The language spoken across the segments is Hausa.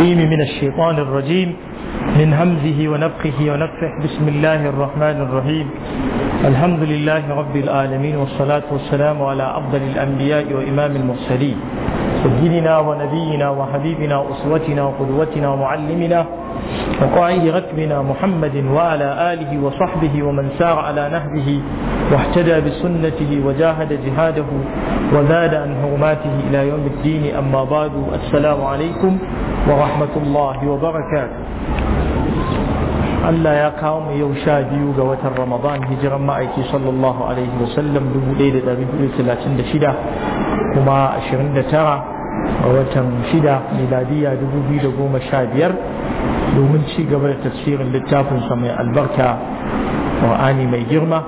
التقديم من الشيطان الرجيم من همزه ونفخه ونفخه بسم الله الرحمن الرحيم الحمد لله رب العالمين والصلاة والسلام على أفضل الأنبياء وإمام المرسلين سيدنا ونبينا وحبيبنا أسوتنا وقدوتنا ومعلمنا وقاعد ركبنا محمد وعلى آله وصحبه ومن سار على نهجه واهتدى بسنته وجاهد جهاده وزاد عن حرماته إلى يوم الدين أما بعد السلام عليكم ورحمة الله وبركاته Allah ya kawo mu yau sha biyu ga watan Ramadan hijiran ma'aiki sallallahu alaihi wasallam 1436 kuma 29 ga watan 6 miladiya 2015 domin ci gaba da tafsirin littafinsa mai albarka Qur'ani mai girma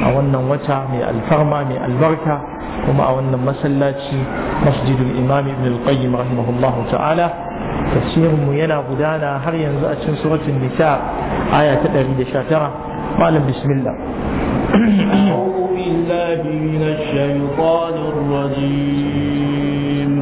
a wannan wata mai alfarma mai albarka kuma a wannan masallaci masjidul imam ibn al-qayyim rahimahullahu ta'ala tafsirinmu yana gudana har yanzu a cikin suratul nisa aya ta 119 malam bismillah أعوذ بالله من الشيطان الرجيم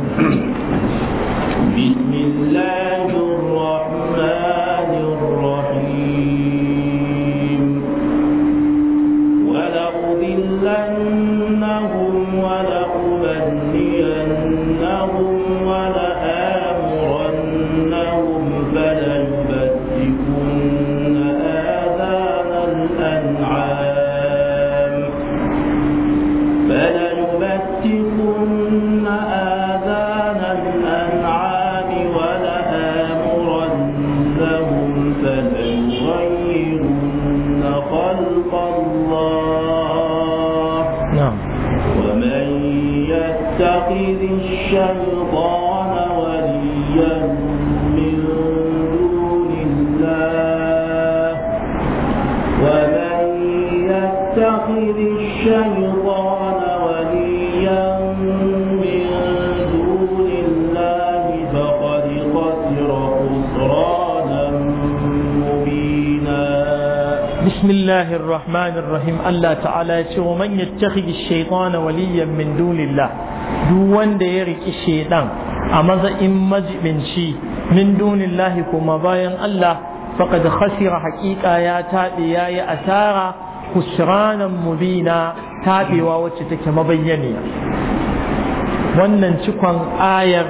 ومن يتخذ الشيطان وليا من دون الله فقد خسر خسرانا مبينا الرحمن الرحيم الله تعالى ومن يتخذ الشيطان وليا من دون الله duk wanda ya riki shaidan a maza'in majibinci min dunillahi kuma bayan Allah faqad khasira haqiqa ya taɓe ya yi asara kusranan mubina taɓewa wacce take mabayyaniya wannan cikon ayar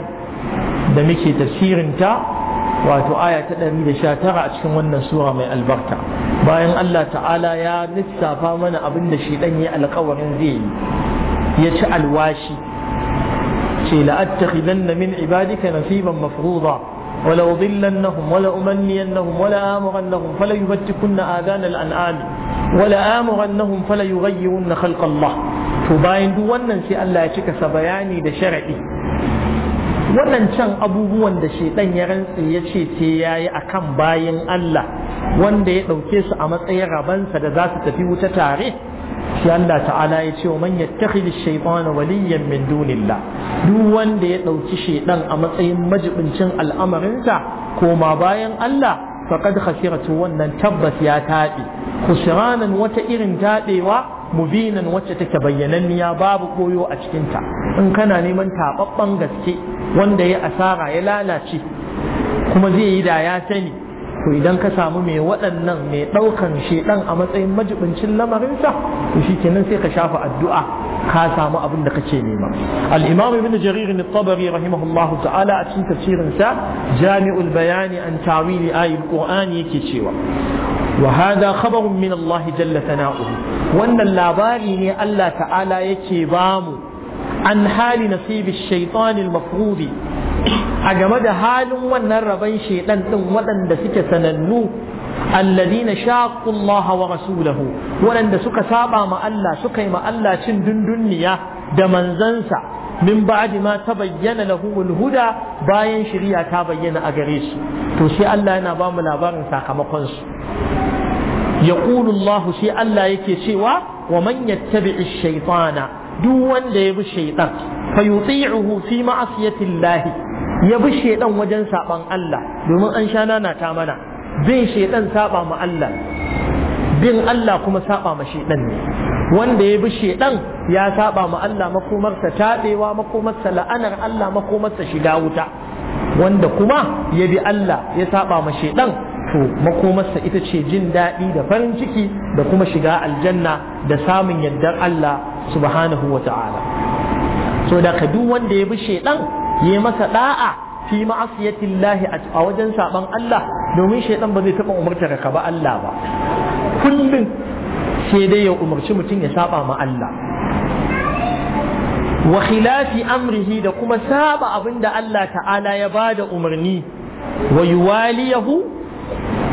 da muke tafsirinta wato aya ta 119 a cikin wannan sura mai albarka bayan Allah ta'ala ya lissafa mana abin da shi ɗan ya alkawarin zai yi ya ci alwashi يتي لأتخذن من عبادك نصيبا مفروضا ولأضلنهم ولأمنينهم ولآمرنهم فليبتكن آذان الأنعام ولآمرنهم فليغيرن خلق الله فباين دو ونن سي الله يشك سبياني دا شرعي ونن شان أبوبوان دا شيطان يرنسي يشي سياي أكم باين الله wanda ya ɗauke su a matsayin rabansa da za su tafi wuta tare shi Allah ta'ala ya ce wa man yattakhidhi ash-shaytana waliyan min dunillah duk wanda ya dauki shaydan a matsayin majibincin al'amarinsa koma bayan Allah faqad khasiratu wannan tabbas ya tabi khusranan wata irin tabewa mubinan wacce take bayyananniya babu koyo a cikinta in kana neman tababban gaske wanda ya asara ya lalace kuma zai yi da ya sani to idan ka samu mai waɗannan mai ɗaukan shedan a matsayin majibincin lamarinsa to shi kenan sai ka shafa addu'a ka samu abin da kake nema al-imam ibn jarir al-tabari rahimahullah ta'ala a cikin tafsirin sa jami'ul bayani an tawili ayatul qur'ani yake cewa wa hada khabarun min Allah jalla sana'uhu wannan labari ne Allah ta'ala yake bamu an hali nasibi shaytan al-mafrudi a game da halin wannan rabon shaidan din waɗanda suke sanannu alladina shaqu Allah wa rasulahu waɗanda suka saba ma Allah suka yi ma Allah cin dundunniya da manzansa min ba'di ma tabayyana lahumul huda bayan shari'a ta bayyana a gare su to sai Allah yana ba mu labarin sakamakon su yaqulu Allah sai Allah yake cewa wa man yattabi'i shaytana duk wanda ya bi shaitan fa yuti'uhu fi ma'asiyati Allah ya bi shaitan wajen saban Allah domin an sha nanata ta mana bin shaitan saba ma Allah bin Allah kuma saba ma shaitan ne wanda ya bi shaitan ya saba ma Allah makomarsa tadewa makomarsa la'anar Allah makomarsa shiga wuta wanda kuma ya bi Allah ya saba ma shaitan to makomarsa ita ce jin daɗi da farin ciki da kuma shiga aljanna da samun yardar Allah subhanahu wa ta'ala so da ka duk wanda ya bi shaidan ya masa da'a fi ma'asiyatillahi lahi a wajen saban Allah domin shaidan ba zai taɓa umarta ka ba Allah ba kullum sai dai ya umarci mutum ya saba ma Allah wa khilafi amrihi da kuma saba abinda Allah ta'ala ya bada umarni wa yuwaliyahu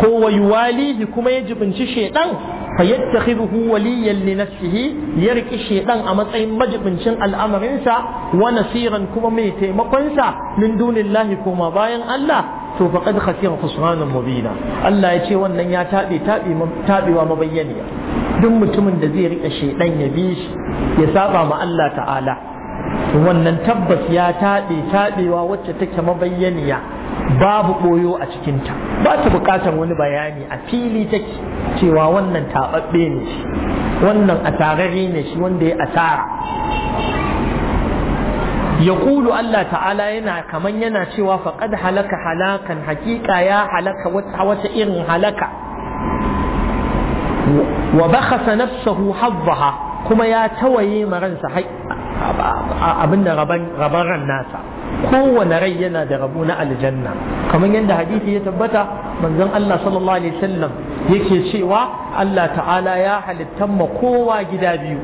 ko wa yuwalihi kuma ya jibinci shaidan fa yattakhidhu waliyan li nafsihi ya riki shaiɗan a matsayin majibincin al'amarinsa wa nasiran kuma mai taimakonsa. sa koma bayan Allah to faqad khasira khusranan mubina Allah ya ce wannan ya tabe tabe tabewa duk mutumin da zai rike shaiɗan ya bi ya saba ma Allah ta'ala wannan tabbas ya taɗe taɗewa wacce take mabayyaniya babu ɓoyo a cikinta ba ta buƙatar wani bayani a fili take cewa wannan taɓaɓɓe ne shi wannan asararre ne shi wanda ya asara ya ƙulu Allah ta'ala yana kaman yana cewa faƙad halaka halakan hakika ya halaka wata irin halaka wa bakasa nafsahu habbaha kuma ya tawaye maransa A da raban ran nasa kowane rai yana da rabo na aljanna kamar yadda hadisi ya tabbata manzon Allah sallallahu alaihi wasallam yake cewa Allah ta'ala ya halittan ma kowa gida biyu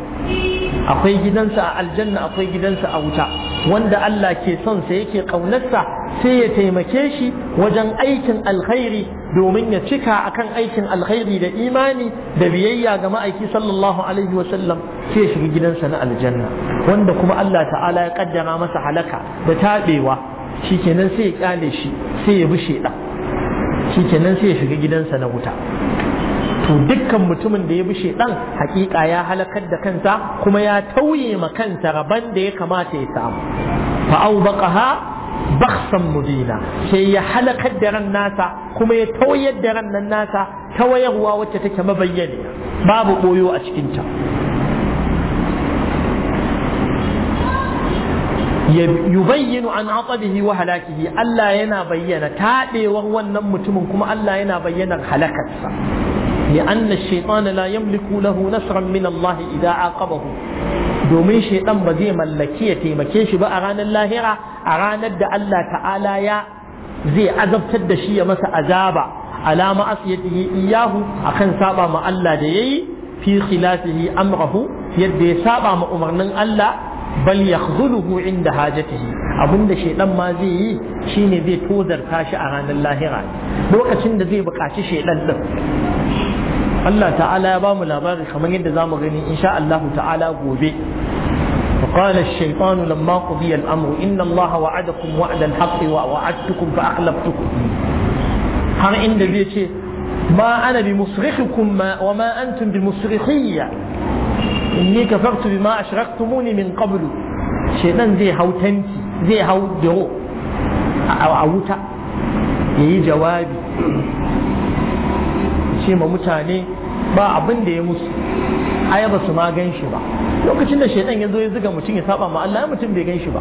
akwai gidansa a aljanna akwai gidansa a wuta wanda Allah ke son sa yake kaunarsa sai ya taimake shi wajen aikin alkhairi domin ya cika akan aikin alkhairi da imani da biyayya ga ma'aiki sallallahu alaihi wa sallam sai ya shiga gidansa na aljanna wanda kuma Allah ta'ala ya ƙaddara masa halaka da tabewa shikenan sai ya kyale shi sai ya bi sheda shikenan sai ya shiga gidansa na wuta to dukkan mutumin da ya bi shaidan hakika ya halakar da kansa kuma ya tauye ma kansa rabon da ya kamata ya samu fa'au baqaha baksan mudina sai ya halakar da ran nasa kuma ya tauyar da ran nan nasa tawayarwa wacce take mabayyane babu boyo a cikinta yubayyinu an atabihi wa halakihi Allah yana bayyana taɗewar wannan mutumin kuma Allah yana bayyana halakarsa لأن الشيطان لا يملك له نصرا من الله إذا عاقبه domin shaidan ba zai mallaki ya taimake shi ba a ranar lahira a ranar da Allah ta'ala ya zai azabtar da shi ya masa azaba alama asiyatihi iyahu akan saba ma Allah da yayi fi khilafihi amrahu yadda ya saba ma umarnin Allah bal yakhdhuluhu inda hajatihi abinda shedan ma zai yi shine zai tozarta shi a ranar lahira lokacin da zai buƙaci shedan din Allah ta'ala ya bamu labari kamar yadda zamu gani insha Allah ta'ala gobe فقال الشيطان لما قضي الأمر إن الله وعدكم وعد الحق ووعدتكم فأخلفتكم har inda zai ce ma ana bi musrikhikum wa ma antum bi musrikhiyya inni kafartu bima ashraktumuni min qablu shedan zai hau tanti zai hau diro a wuta yayi jawabi ce ma mutane ba abin da ya musu ai ba su ma gan shi ba lokacin da shaidan ya zo ya zuga mutum ya saba ma Allah ya mutum bai gan shi ba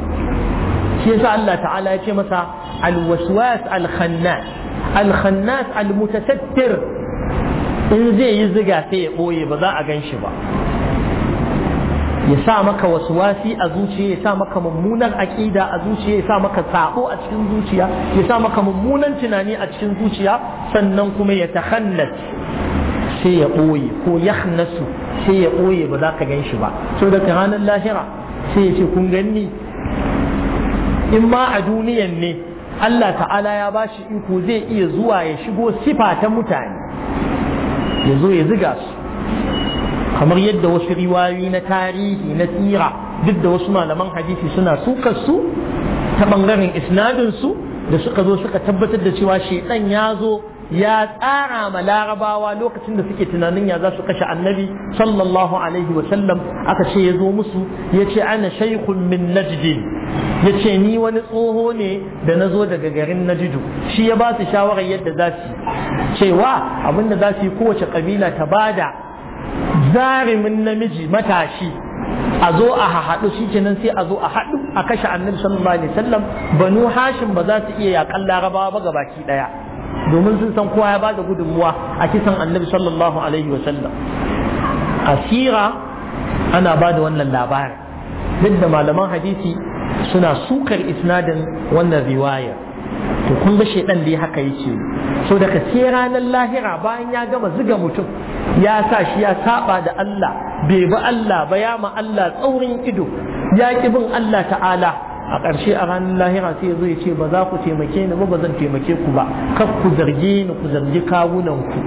shi yasa Allah ta'ala ya ce masa alwaswas alkhannas alkhannas almutasattir in zai yi ziga sai ya boye ba za a gan shi ba ya sa maka wasu wasi a zuciya ya sa maka mummunan aƙida a zuciya ya sa maka sabo a cikin zuciya ya sa maka mummunan tunani a cikin zuciya sannan kuma ya tahannas sai ya ɓoye ko ya hannasu sai ya ɓoye ba za ka gan shi ba so daga ranar lahira sai ya ce kun ganni in ma a duniyan ne Allah ta'ala ya ba shi iko zai iya zuwa ya shigo sifa ta mutane ya zo ya ziga su kamar yadda wasu riwayoyi na tarihi na tsira duk da wasu malaman hadisi suna sukar su ta bangaren isnadin su da suka zo suka tabbatar da cewa shedan ya zo ya tsara ma larabawa lokacin da suke tunanin ya za su kashe annabi sallallahu alaihi sallam, aka ce ya zo musu ya ce ana shaikhun min najdin ya ce ni wani tsoho ne da na zo daga garin najidu shi ya ba su shawarar yadda za su cewa abinda za su yi kowace kabila ta bada zarimin namiji matashi a zo a haɗu shi kenan sai a zo a haɗu a kashe annabi sallallahu alaihi wasallam banu hashim ba za su iya yaƙan larabawa ba gabaki ɗaya domin sun san kowa ya bada gudunmuwa a kisan annabi sallallahu alaihi wasallam asira ana bada wannan labarin duk da malaman hadisi suna sukar isnadin wannan riwayar to kun ga shedan dai haka yake so daga sai ranar lahira bayan ya gama ziga mutum ya sa shi ya saba da Allah bai bi Allah ba ya ma Allah tsaurin ido ya ki bin Allah ta'ala a ƙarshe a ranar lahira sai zai ce ba za ku taimake ni ba ba zan taimake ku ba kar ku zarge ni ku zargi kawunan ku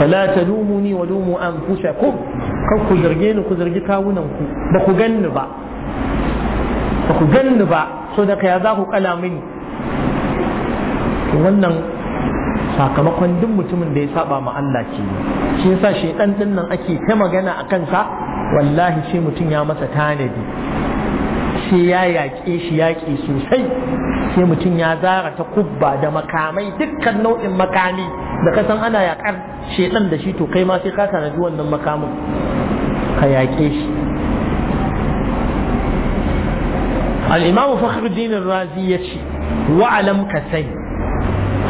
fala talumuni wa lumu anfusakum kar ku zarge ni ku zargi kawunan ku ba ku ganni ba ba ku ganni ba so da ya za ku kala mini wannan sakamakon duk mutumin da ya saba ma Allah ke shi yasa shi dan nan ake ta magana a kansa wallahi shi mutum ya masa tanadi sai ya yaƙe shi yaƙi sosai sai mutum ya zara ta kubba da makamai dukkan nau'in makami da ka san ana yaƙar shedan da shi to kai ma sai ka tanadi wannan makamin ka yaƙe shi al-imamu fakhruddin razi yace wa'alam ka sai.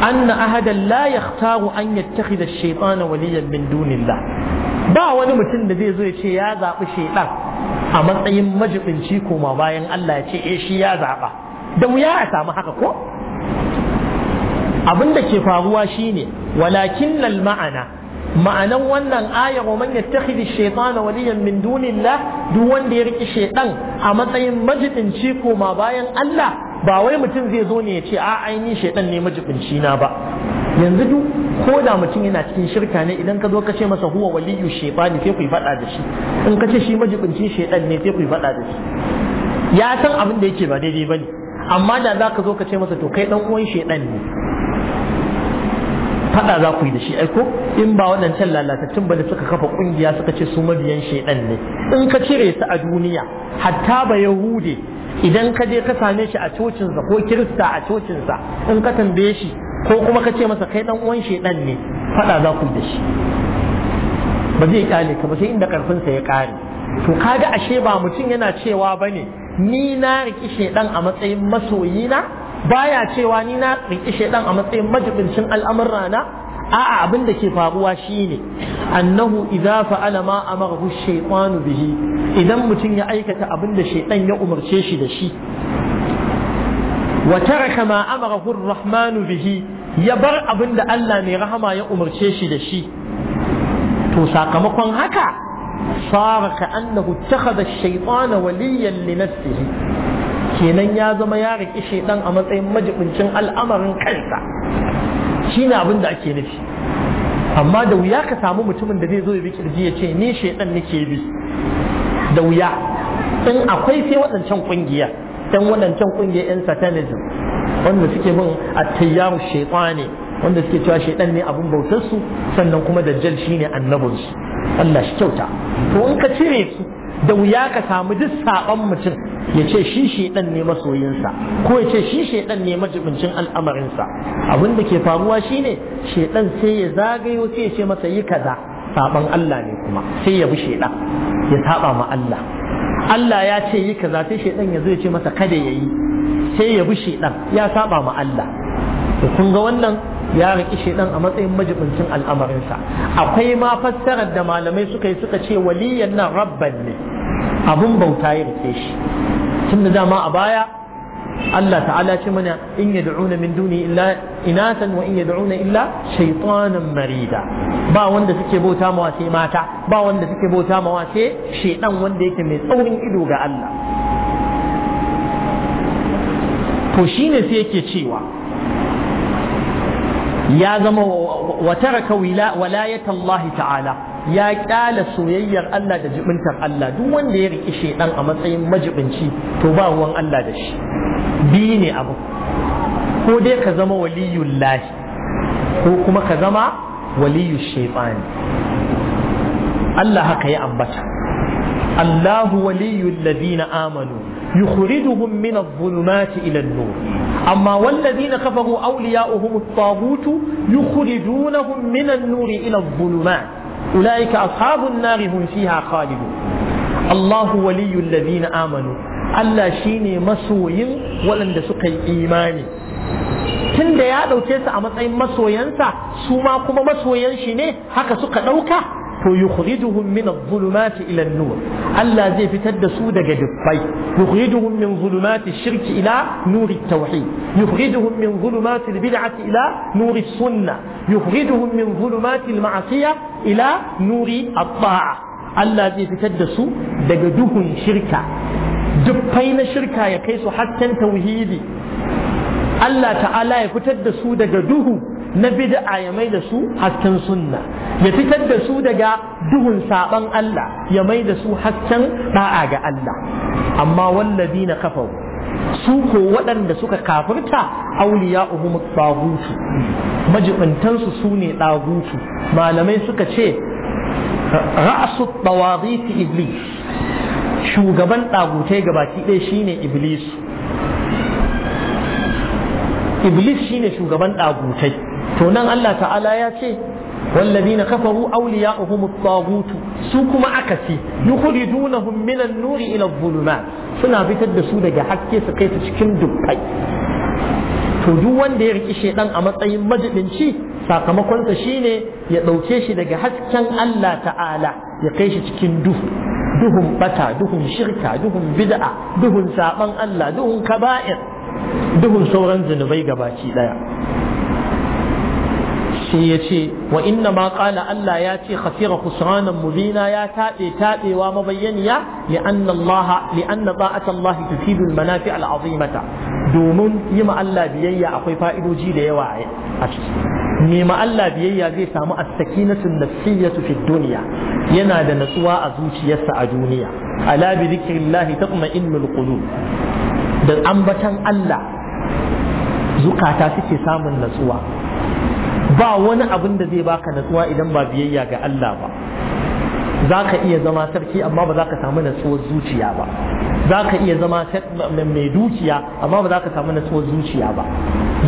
anna ahadan la yakhtaru an yattakhidha ash-shaytana waliyan min dunillah ba wani mutum da zai zo ya ce ya zaɓi shaitan a matsayin majibinci koma bayan Allah ya ce eh shi ya zaɓa da wuya a samu haka ko abin da ke faruwa shine walakin lal ma'ana ma'anan wannan ayar wa man yattakhidhi shaytana waliyan min dunillah duk wanda ya riki shaytan a matsayin majidinci koma bayan Allah ba wai mutum zai zo ne ya ce a aini shaidan ne majibinci na ba yanzu duk ko da mutum yana cikin shirka ne idan ka zo ka ce masa huwa waliyu ne sai ku yi faɗa da shi in ka ce shi majibincin shaidan ne sai ku faɗa da shi ya san abin da yake ba daidai bane amma da za ka zo ka ce masa to kai dan uwan shaidan ne faɗa za ku yi da shi aiko in ba waɗancan lalatattun ba da suka kafa ƙungiya suka ce su mabiyan shaidan ne in ka cire su a duniya hatta ba yahude idan ka je ka same shi a cocinsa ko kirista a cocinsa in ka tambaye shi ko kuma ka ce masa kai dan uwan shedan ne fada za ku da shi ba zai kyale ka ba sai inda karfinsa ya kare to kaga ashe ba mutum yana cewa bane ni na riki shedan a matsayin masoyina baya cewa ni na riki shedan a matsayin majibincin na. a'a abin da ke faruwa shine annahu idza fa'ala ma amarahu shaytanu bihi idan mutum ya aikata abin da shaytan ya umarce shi da shi wa taraka ma amarahu ar-rahmanu bihi ya bar abin da Allah mai rahama ya umarce shi da shi to sakamakon haka sara ka annahu takhadha ash-shaytana waliyan li nafsihi kenan ya zama ya riki shaytan a matsayin majibincin al'amarin kansa shine abin da ake nufi amma da wuya ka samu mutumin da zai zo ya bi kirji ya ce ni shaidan nake bi da wuya in akwai sai waɗancan ƙungiya ɗan waɗancan ƙungiya yan satanism wanda suke bin attayyaru shaitani wanda suke cewa shaidan ne abin bautar su sannan kuma dajjal shine annabin su Allah shi kyauta to in ka cire su da wuya ka samu duk mutum ya ce shi ne masoyinsa ko ya ce shi ne majibincin al'amarinsa abin da ke faruwa shine dan sai ya zagayo sai ya ce masa yi kaza sabon Allah ne kuma sai ya bi dan ya saɓa ma Allah Allah ya ce yi kaza sai dan ya zo ya ce masa kada ya yi sai ya bi dan ya saɓa ma Allah to kun ga wannan ya riƙi dan a matsayin majibincin al'amarinsa akwai ma fassarar da malamai suka yi suka ce waliyan nan rabban ne abun bauta ya rufe shi tun da dama a baya Allah ta'ala ce mana in yad'una min duni illa inatan wa in yad'una illa shaytanan marida ba wanda suke bauta ma wace mata ba wanda suke bauta ma wace shedan wanda yake mai tsaurin ido ga Allah to shine sai yake cewa ya zama wa taraka wilayatallahi ta'ala ya kyala soyayyar Allah da jibintar Allah duk wanda ya riƙi shedan a matsayin majibinci to ba ruwan Allah da shi Bi ne abu ko dai ka zama waliyun lahi ko kuma ka zama waliyu shaitani Allah haka ya ambata Allahu waliyul ladina amanu يخرجهم من الظلمات إلى النور أما والذين كفروا أولياؤهم الطاغوت يخرجونهم من النور إلى الظلمات أولئك أصحاب النار هم فيها خالدون الله ولي الذين آمنوا Allah shi ne masoyin waɗanda suka yi imani Tunda ya ɗauke su a matsayin masoyansa su ma kuma masoyan shi ne haka suka ɗauka to yukhrijuhum min adh-dhulumati ila an-nur Allah zai fitar da su daga dubbai yukhrijuhum min dhulumati ash-shirk ila nur at-tauhid yukhrijuhum min dhulumati al-bid'ati ila nur as-sunnah yukhrijuhum min dhulumati al-ma'siyah ila nur at-ta'ah Allah zai fitar da su daga duhun shirka dubbai na shirka ya kai su hakkan tauhidi Allah ta'ala ya fitar da su daga duhu na bid'a ya mai da su hasken sunna ya fitar da su daga duhun saban Allah ya mai da su hasken da'a ga Allah amma na kafa su ko waɗanda suka kafirta auliya uhum tsagutu majibantansu su ne tsagutu malamai suka ce ra'asu tawaziti iblis shugaban tsagutai gabaki ɗaya shine iblis iblis shine shugaban ɗagutai to nan Allah ta'ala ya ce na والذين كفروا أولياؤهم الطاغوت سوكما أكسي يخرجونهم من النور إلى الظلمات suna fitar da su daga haske su kai su cikin dukkai to duk wanda ya riƙi ɗan a matsayin majidinci sakamakonsa shine ya ɗauke shi daga hasken Allah ta'ala ya kai shi cikin duhu duhun bata duhun shirka duhun bida'a, duhun saban Allah duhun kaba'ir duhun sauran zunubai gabaki ɗaya. sai ya ce wa inna ma qala Allah ya ce khasira khusranan mubina ya taɓe taɓewa mabayyaniya li anna Allah li anna ta'at Allah tufidu al manafi al azimata domin yi ma Allah biyayya akwai fa'idoji da yawa a ciki ne ma Allah biyayya zai samu as-sakinatu nafsiyatu fi dunya yana da natsuwa a zuciyarsa a duniya ala bi dhikrillah tatma'innul qulub da ambatan Allah zukata suke samun natsuwa ba wani abin da zai baka natsuwa idan ba biyayya ga Allah ba za ka iya zama sarki amma ba za ka samu natsuwar zuciya ba za ka iya zama mai dukiya amma ba za ka samu natsuwar zuciya ba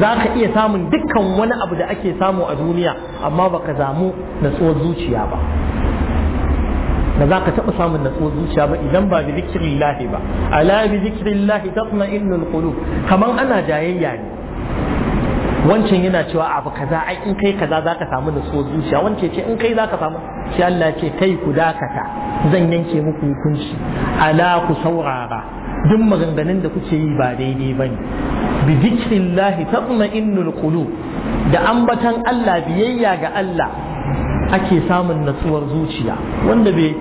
za ka iya samun dukkan wani abu da ake samu a duniya amma ba ka samu natsuwar zuciya ba Da za ka taɓa samun natsuwar zuciya ba idan ba bi zikirin lahi ba ala bi zikirin lahi tatma innul qulub Kamar ana jayayya ne wancan yana cewa abu kaza ai in kai kaza zaka samu so zuciya wancan ce in kai zaka samu shi Allah ce kai ku dakata zan yanke muku hukunci ala ku saurara duk maganganun da kuke yi ba daidai bane bi zikrillahi tatma'innul qulub da ambatan Allah biyayya ga Allah ake samun natsuwar zuciya wanda bai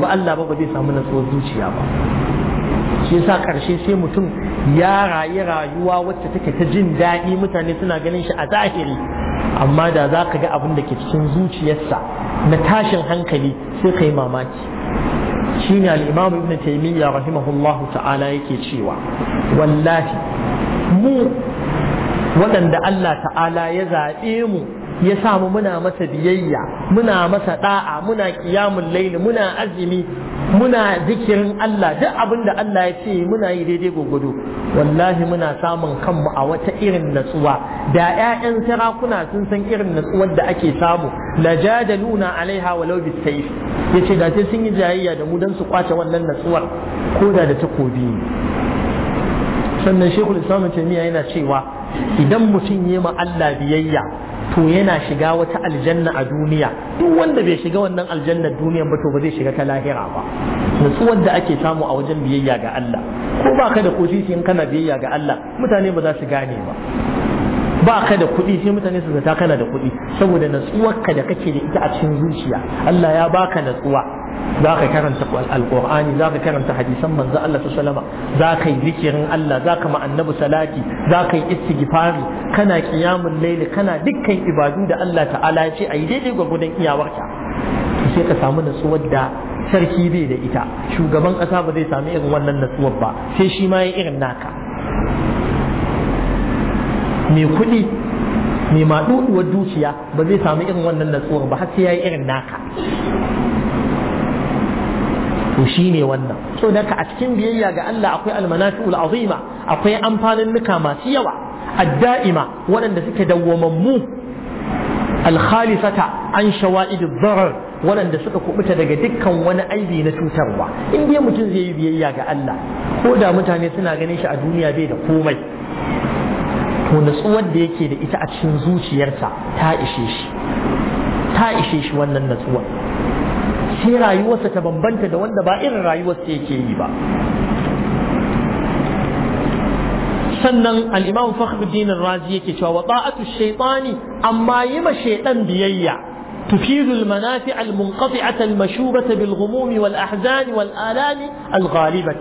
ba Allah ba ba zai samu natsuwar zuciya ba shi yasa karshe sai mutum ya rayu rayuwa wacce take ta jin daɗi mutane suna ganin shi a zahiri amma da za ka ga abin da ke cikin zuciyarsa na tashin hankali sai ka yi mamaki shi ne al'imam ibn taimiyya rahimahullahu ta'ala yake cewa wallahi mu waɗanda Allah ta'ala ya zaɓe mu ya samu muna masa biyayya muna masa ɗa'a muna kiyamun laili muna azumi muna zikirin Allah duk abin da Allah ya ce muna yi daidai gwagwado wallahi muna samun kanmu a wata irin natsuwa da 'ya'yan sarakuna sun san irin natsuwar da ake samu la jadaluna alaiha walau bisayf yace da sai sun yi jayayya da mu dan su kwace wannan natsuwar ko da da takobi sannan shekul islam taimiyya yana cewa idan mutum ya ma Allah biyayya to yana shiga wata aljanna a duniya duk wanda bai shiga wannan aljannar duniya ba to ba zai shiga ta lahira ba nutsuwar da ake samu a wajen biyayya ga Allah ko ba ka da ko in kana biyayya ga Allah mutane ba za su gane ba ba ka da kuɗi sai mutane su zata kana da kuɗi saboda ka da kake da ita a cikin zuciya Allah ya baka natsuwa za ka karanta alƙur'ani za ka karanta hadisan manzo Allah ta salama za ka yi zikirin Allah za ka annabi salati za ka yi istighfari kana qiyamul layli kana dukkan ibadu da Allah ta'ala ya ce yi daidai gwagwadon iyawarka sai ka samu natsuwar da sarki bai da ita shugaban ƙasa ba zai samu irin wannan natsuwar ba sai shi ma ya irin naka mai kuɗi mai maɗuɗuwar dukiya ba zai samu irin wannan natsuwar ba har sai ya yi irin naka to shi ne wannan so daga a cikin biyayya ga Allah akwai almanafi'ul ul'azima akwai amfanin nuka masu yawa adda'ima waɗanda suke dawwamammu alkhalisata an shawa'id dharar waɗanda suka kubuta daga dukkan wani aibi na cutarwa in dai mutum zai yi biyayya ga Allah ko da mutane suna ganin shi a duniya bai da komai to natsuwar da yake da ita a cikin zuciyarsa ta ishe shi ta ishe shi wannan natsuwar sai rayuwarsa ta bambanta da wanda ba irin rayuwarsa yake yi ba sannan al'imamu fakhruddin razi yake cewa wa ta'atu shaytani amma yi ma shaytan biyayya تفيد المنافع المنقطعة المشوبة بالغموم والأحزان والآلام الغالبة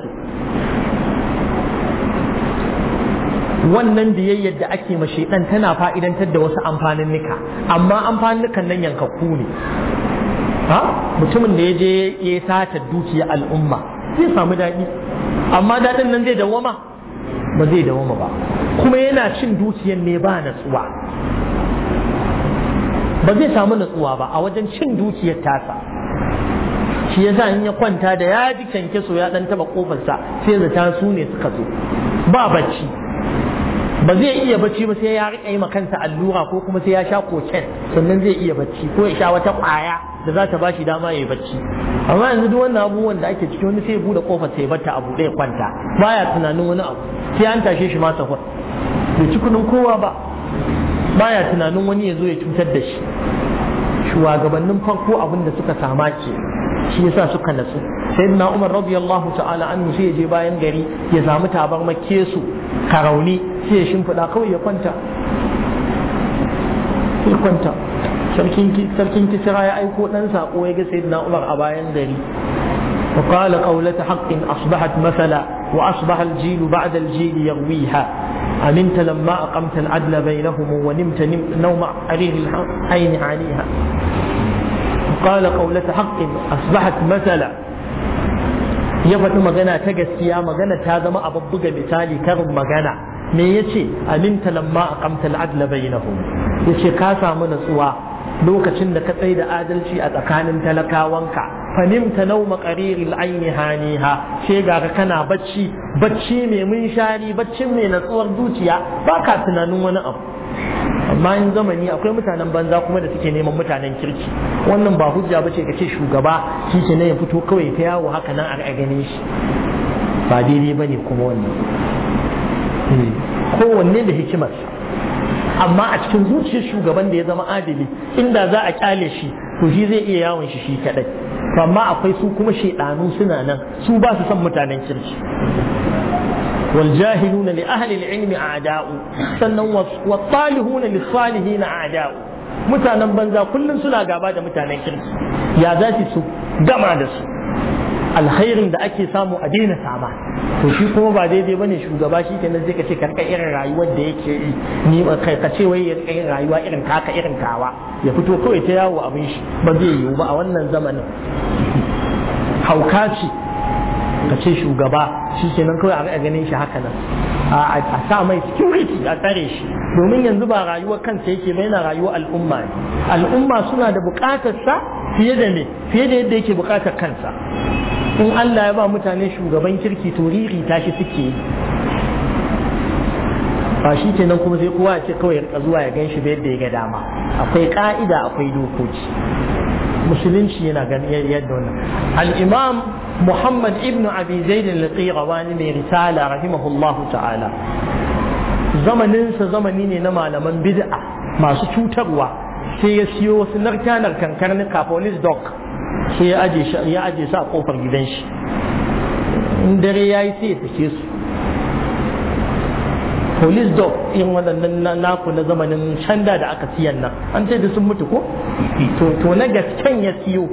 wannan biyayyar da ake ma shaidan tana fa'idantar da wasu amfanin nika amma amfanin nikan nan yankakku ne ha mutumin da ya je ya sata dukiya al'umma zai samu daɗi amma daɗin nan zai dawama ba zai dawama ba kuma yana cin dukiyar ne ba natsuwa ba zai samu natsuwa ba a wajen cin dukiyar tasa shi ya in ya kwanta da ya ji kyankyaso ya ɗan taba ƙofarsa sai zata su ne suka zo ba bacci ba zai iya bacci ba sai ya riƙe ma kansa allura ko kuma sai ya sha koken sannan zai iya bacci ko ya sha wata kwaya da za ta bashi dama ya yi bacci amma yanzu duk wannan abubuwan da ake ciki wani sai ya kofar sai bata abu ɗaya kwanta baya tunanin wani abu sai an tashe shi ma sahur bai ci kowa ba baya tunanin wani ya zo ya cutar da shi shugabannin farko abin da suka sama ke shi yasa suka natsu sai na umar radiyallahu ta'ala an sai ya je bayan gari ya samu tabar makke su karauni sai ya shimfiɗa kawai ya kwanta ya kwanta sarkin kisira ya aiko ɗan saƙo ya ga sayyidina umar a bayan gari وقال قولة حق أصبحت مثلا وأصبح الجيل بعد الجيل يرويها أمنت لما أقمت العدل بينهم ونمت نوم عرير العين عليها وقال قولة حق أصبحت مثلا ya faɗi magana ta gaskiya magana ta zama a babbuga misali karin magana me ya ce aminta lamma a kamta al'adla bai ya ce ka samu natsuwa lokacin da ka tsaye da adalci a tsakanin talakawanka fanimta nau maƙariri al'aini haniha ce ga ka kana bacci bacci mai munshari bacci mai natsuwar zuciya ba ka tunanin wani abu amma in zamani akwai mutanen banza kuma da suke neman mutanen kirki wannan ba hujja ba ce ka ce shugaba shi ke ya fito kawai ta yawo haka nan a ganin shi ba daidai ne kuma wannan hmm. kowanne da hikimar amma a cikin zuciyar shugaban da ya zama adali inda za a kyale shi to shi zai iya yawon shi shi kadai amma akwai su kuma shaidanu suna nan su ba su son mutanen kirki والجاهلون لأهل العلم أعداء سنن والطالحون للصالحين أعداء mutanen banza kullum suna gaba da mutanen kirki ya za su gama da su alkhairin da ake samu a daina sama to shi kuma ba daidai bane shugaba shi kenan zai kace karka irin rayuwar da yake yi ni kai ka ce wai ya irin rayuwa irin kaka irin kawa ya fito kawai ta yawo abin shi ba zai yiwu ba a wannan zamanin hauka ce ka ce shugaba shi nan kawai a ganin shi haka nan a sa mai security a tsare shi domin yanzu ba rayuwar kansa yake ba yana rayuwar al'umma ne al'umma suna da bukatar sa fiye da me fiye da yadda yake bukatar kansa in Allah ya ba mutane shugaban kirki to riri tashi suke ba shi nan kuma sai kowa ya ce kawai ya zuwa ya gan shi ba yadda ya ga dama akwai ka'ida akwai dokoki musulunci yana ganin yadda wannan al muhammad ibn abi zaid al-qirawani mai risala rahimahullahu ta'ala zamaninsa zamani ne na malaman bid'a masu cutarwa sai ya siyo wasu narka narkan karnuka police dog sai ya aje su a kofar gidan shi in dare yi sai ya sake su police dog in waɗannan naku na zamanin shanda da aka siyan nan an ce da sun mutu ko to na gasken ya siyo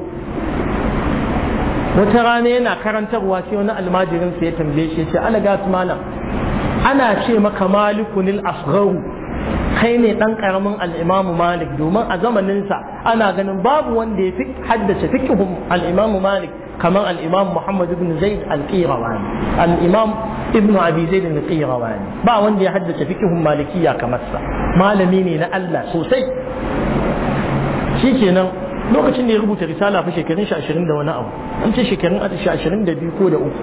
wata rana yana karantarwa sai wani almajirin sai ya tambaye shi sai ala gas malam ana ce maka malikunil asgharu kai ne dan karamin al-imamu malik domin a zamaninsa ana ganin babu wanda ya fi haddace fiqhun al-imamu malik kamar al-imam Muhammad Zaid al-Qirawani al-imam ibn Abi Zaid al-Qirawani ba wanda ya haddace fikihun malikiya kamar sa malami ne na Allah sosai lokacin da ya rubuta risala fa shekarun shi ashirin da wani abu an ce shekarun shi biyu ko da uku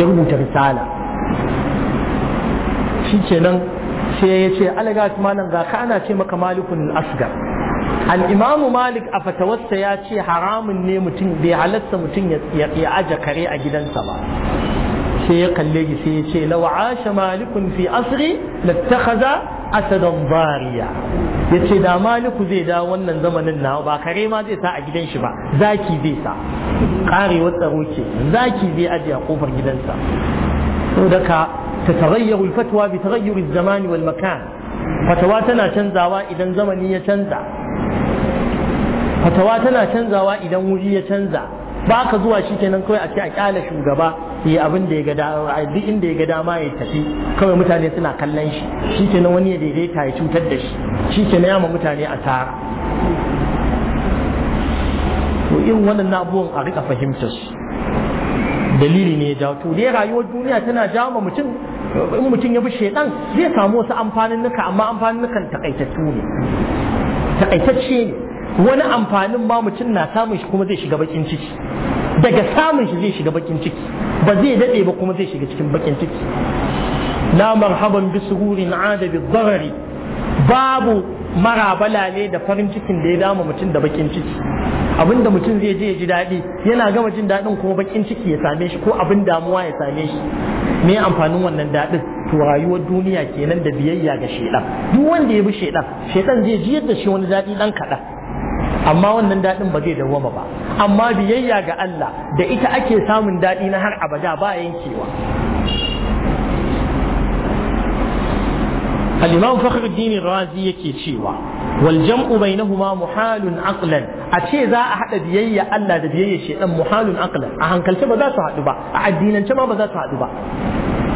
ya rubuta risala nan sai ya ce alaga malam ga ka ana ce maka malikun asgar al'imamu malik a fatawarsa ya ce haramun ne mutum bai halarta mutum ya aje kare a gidansa ba sai ya kalle shi sai ya ce lawa asha fi asri lattakaza asadan bariya ya ce da maliku zai da wannan zamanin na ba kare ma zai sa a gidan shi ba zaki zai sa karewar tsaro ce zaki zai aje kofar gidansa saboda تتغير الفتوى بتغير الزمان والمكان fatawa tana canzawa idan zamani ya canza fatawa tana canzawa idan wuri ya canza ba ka zuwa shi kenan kawai a ce a kyala shugaba yi abin da ya ga dama duk inda ya ga dama ya tafi kawai mutane suna kallon shi shi kenan wani ya daidaita ya cutar da shi shi kenan ya ma mutane a tara to irin waɗannan abubuwan a rika fahimtar su dalili ne ya jawo to dai rayuwar duniya tana jawo ma mutum in mutum ya bi shaidan zai samu wasu amfanin nuka amma amfanin nukan takaitattu ne takaitacce ne wani amfanin ba mutum na samun shi kuma zai shiga bakin ciki daga samun shi zai shiga bakin ciki ba zai daɗe ba kuma zai shiga cikin bakin ciki la marhaban bi sururin ada babu marabala ne da farin cikin da ya dama mutum da bakin ciki abinda mutum zai je ya ji daɗi yana gama jin daɗin kuma bakin ciki ya same shi ko abin damuwa ya same shi me amfanin wannan daɗin to rayuwar duniya kenan da biyayya ga shaidan duk wanda ya bi shaidan shaidan zai ji yadda shi wani daɗi ɗan kaɗan amma wannan daɗin ba zai dawwama ba amma biyayya ga Allah da ita ake samun daɗi na har abada ba yankewa al-imam fakhruddin razi yake cewa wal jam'u bainahuma muhalun aqlan a ce za a hada biyayya Allah da biyayya shedan muhalun aqlan a hankalce ba za su haɗu ba a addinance ma ba za su haɗu ba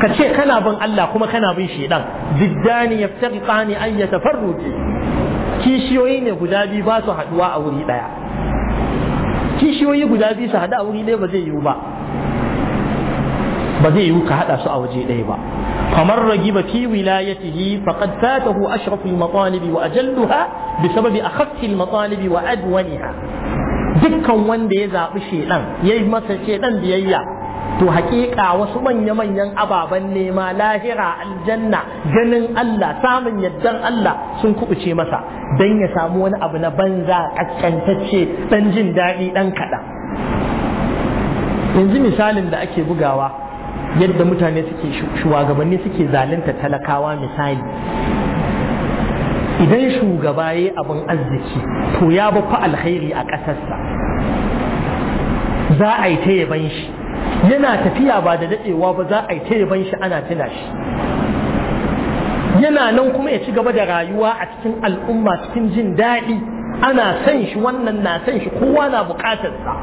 ka ce kana bin Allah kuma kana bin shedan diddani yaftaqani ayyata farruji. kishiyoyi ne guda biyu ba su haɗuwa a wuri ɗaya kishiyoyi guda biyu su haɗu a wuri ɗaya ba zai yiwu ba ba zai yiwu ka haɗa su a waje ɗaya ba kamar ragi ba fi wilayatihi faqad fatahu ashraful matalibi wa ajalluha bi a akhafil matalibi wa adwaniha dukkan wanda ya zaɓi shedan yayi masa shedan biyayya to haƙiƙa wasu manya-manyan ababen nema lahira aljanna ganin Allah samun yaddan Allah sun kubuce masa don ya samu wani abu na banza ƙasƙantacce ɗan jin daɗi ɗan kaɗan yanzu misalin da ake bugawa yadda mutane suke shugabanni suke zalunta talakawa misali idan shugaba ya yi abin arziki to ya bafa alkhairi a ƙasarsa za a yi ta yaban shi yana tafiya ba da daɗewa ba za a yi taiban shi ana tuna shi yana nan kuma ya ci gaba da rayuwa a cikin al'umma cikin jin daɗi ana san shi wannan na san shi kowa na buƙatarsa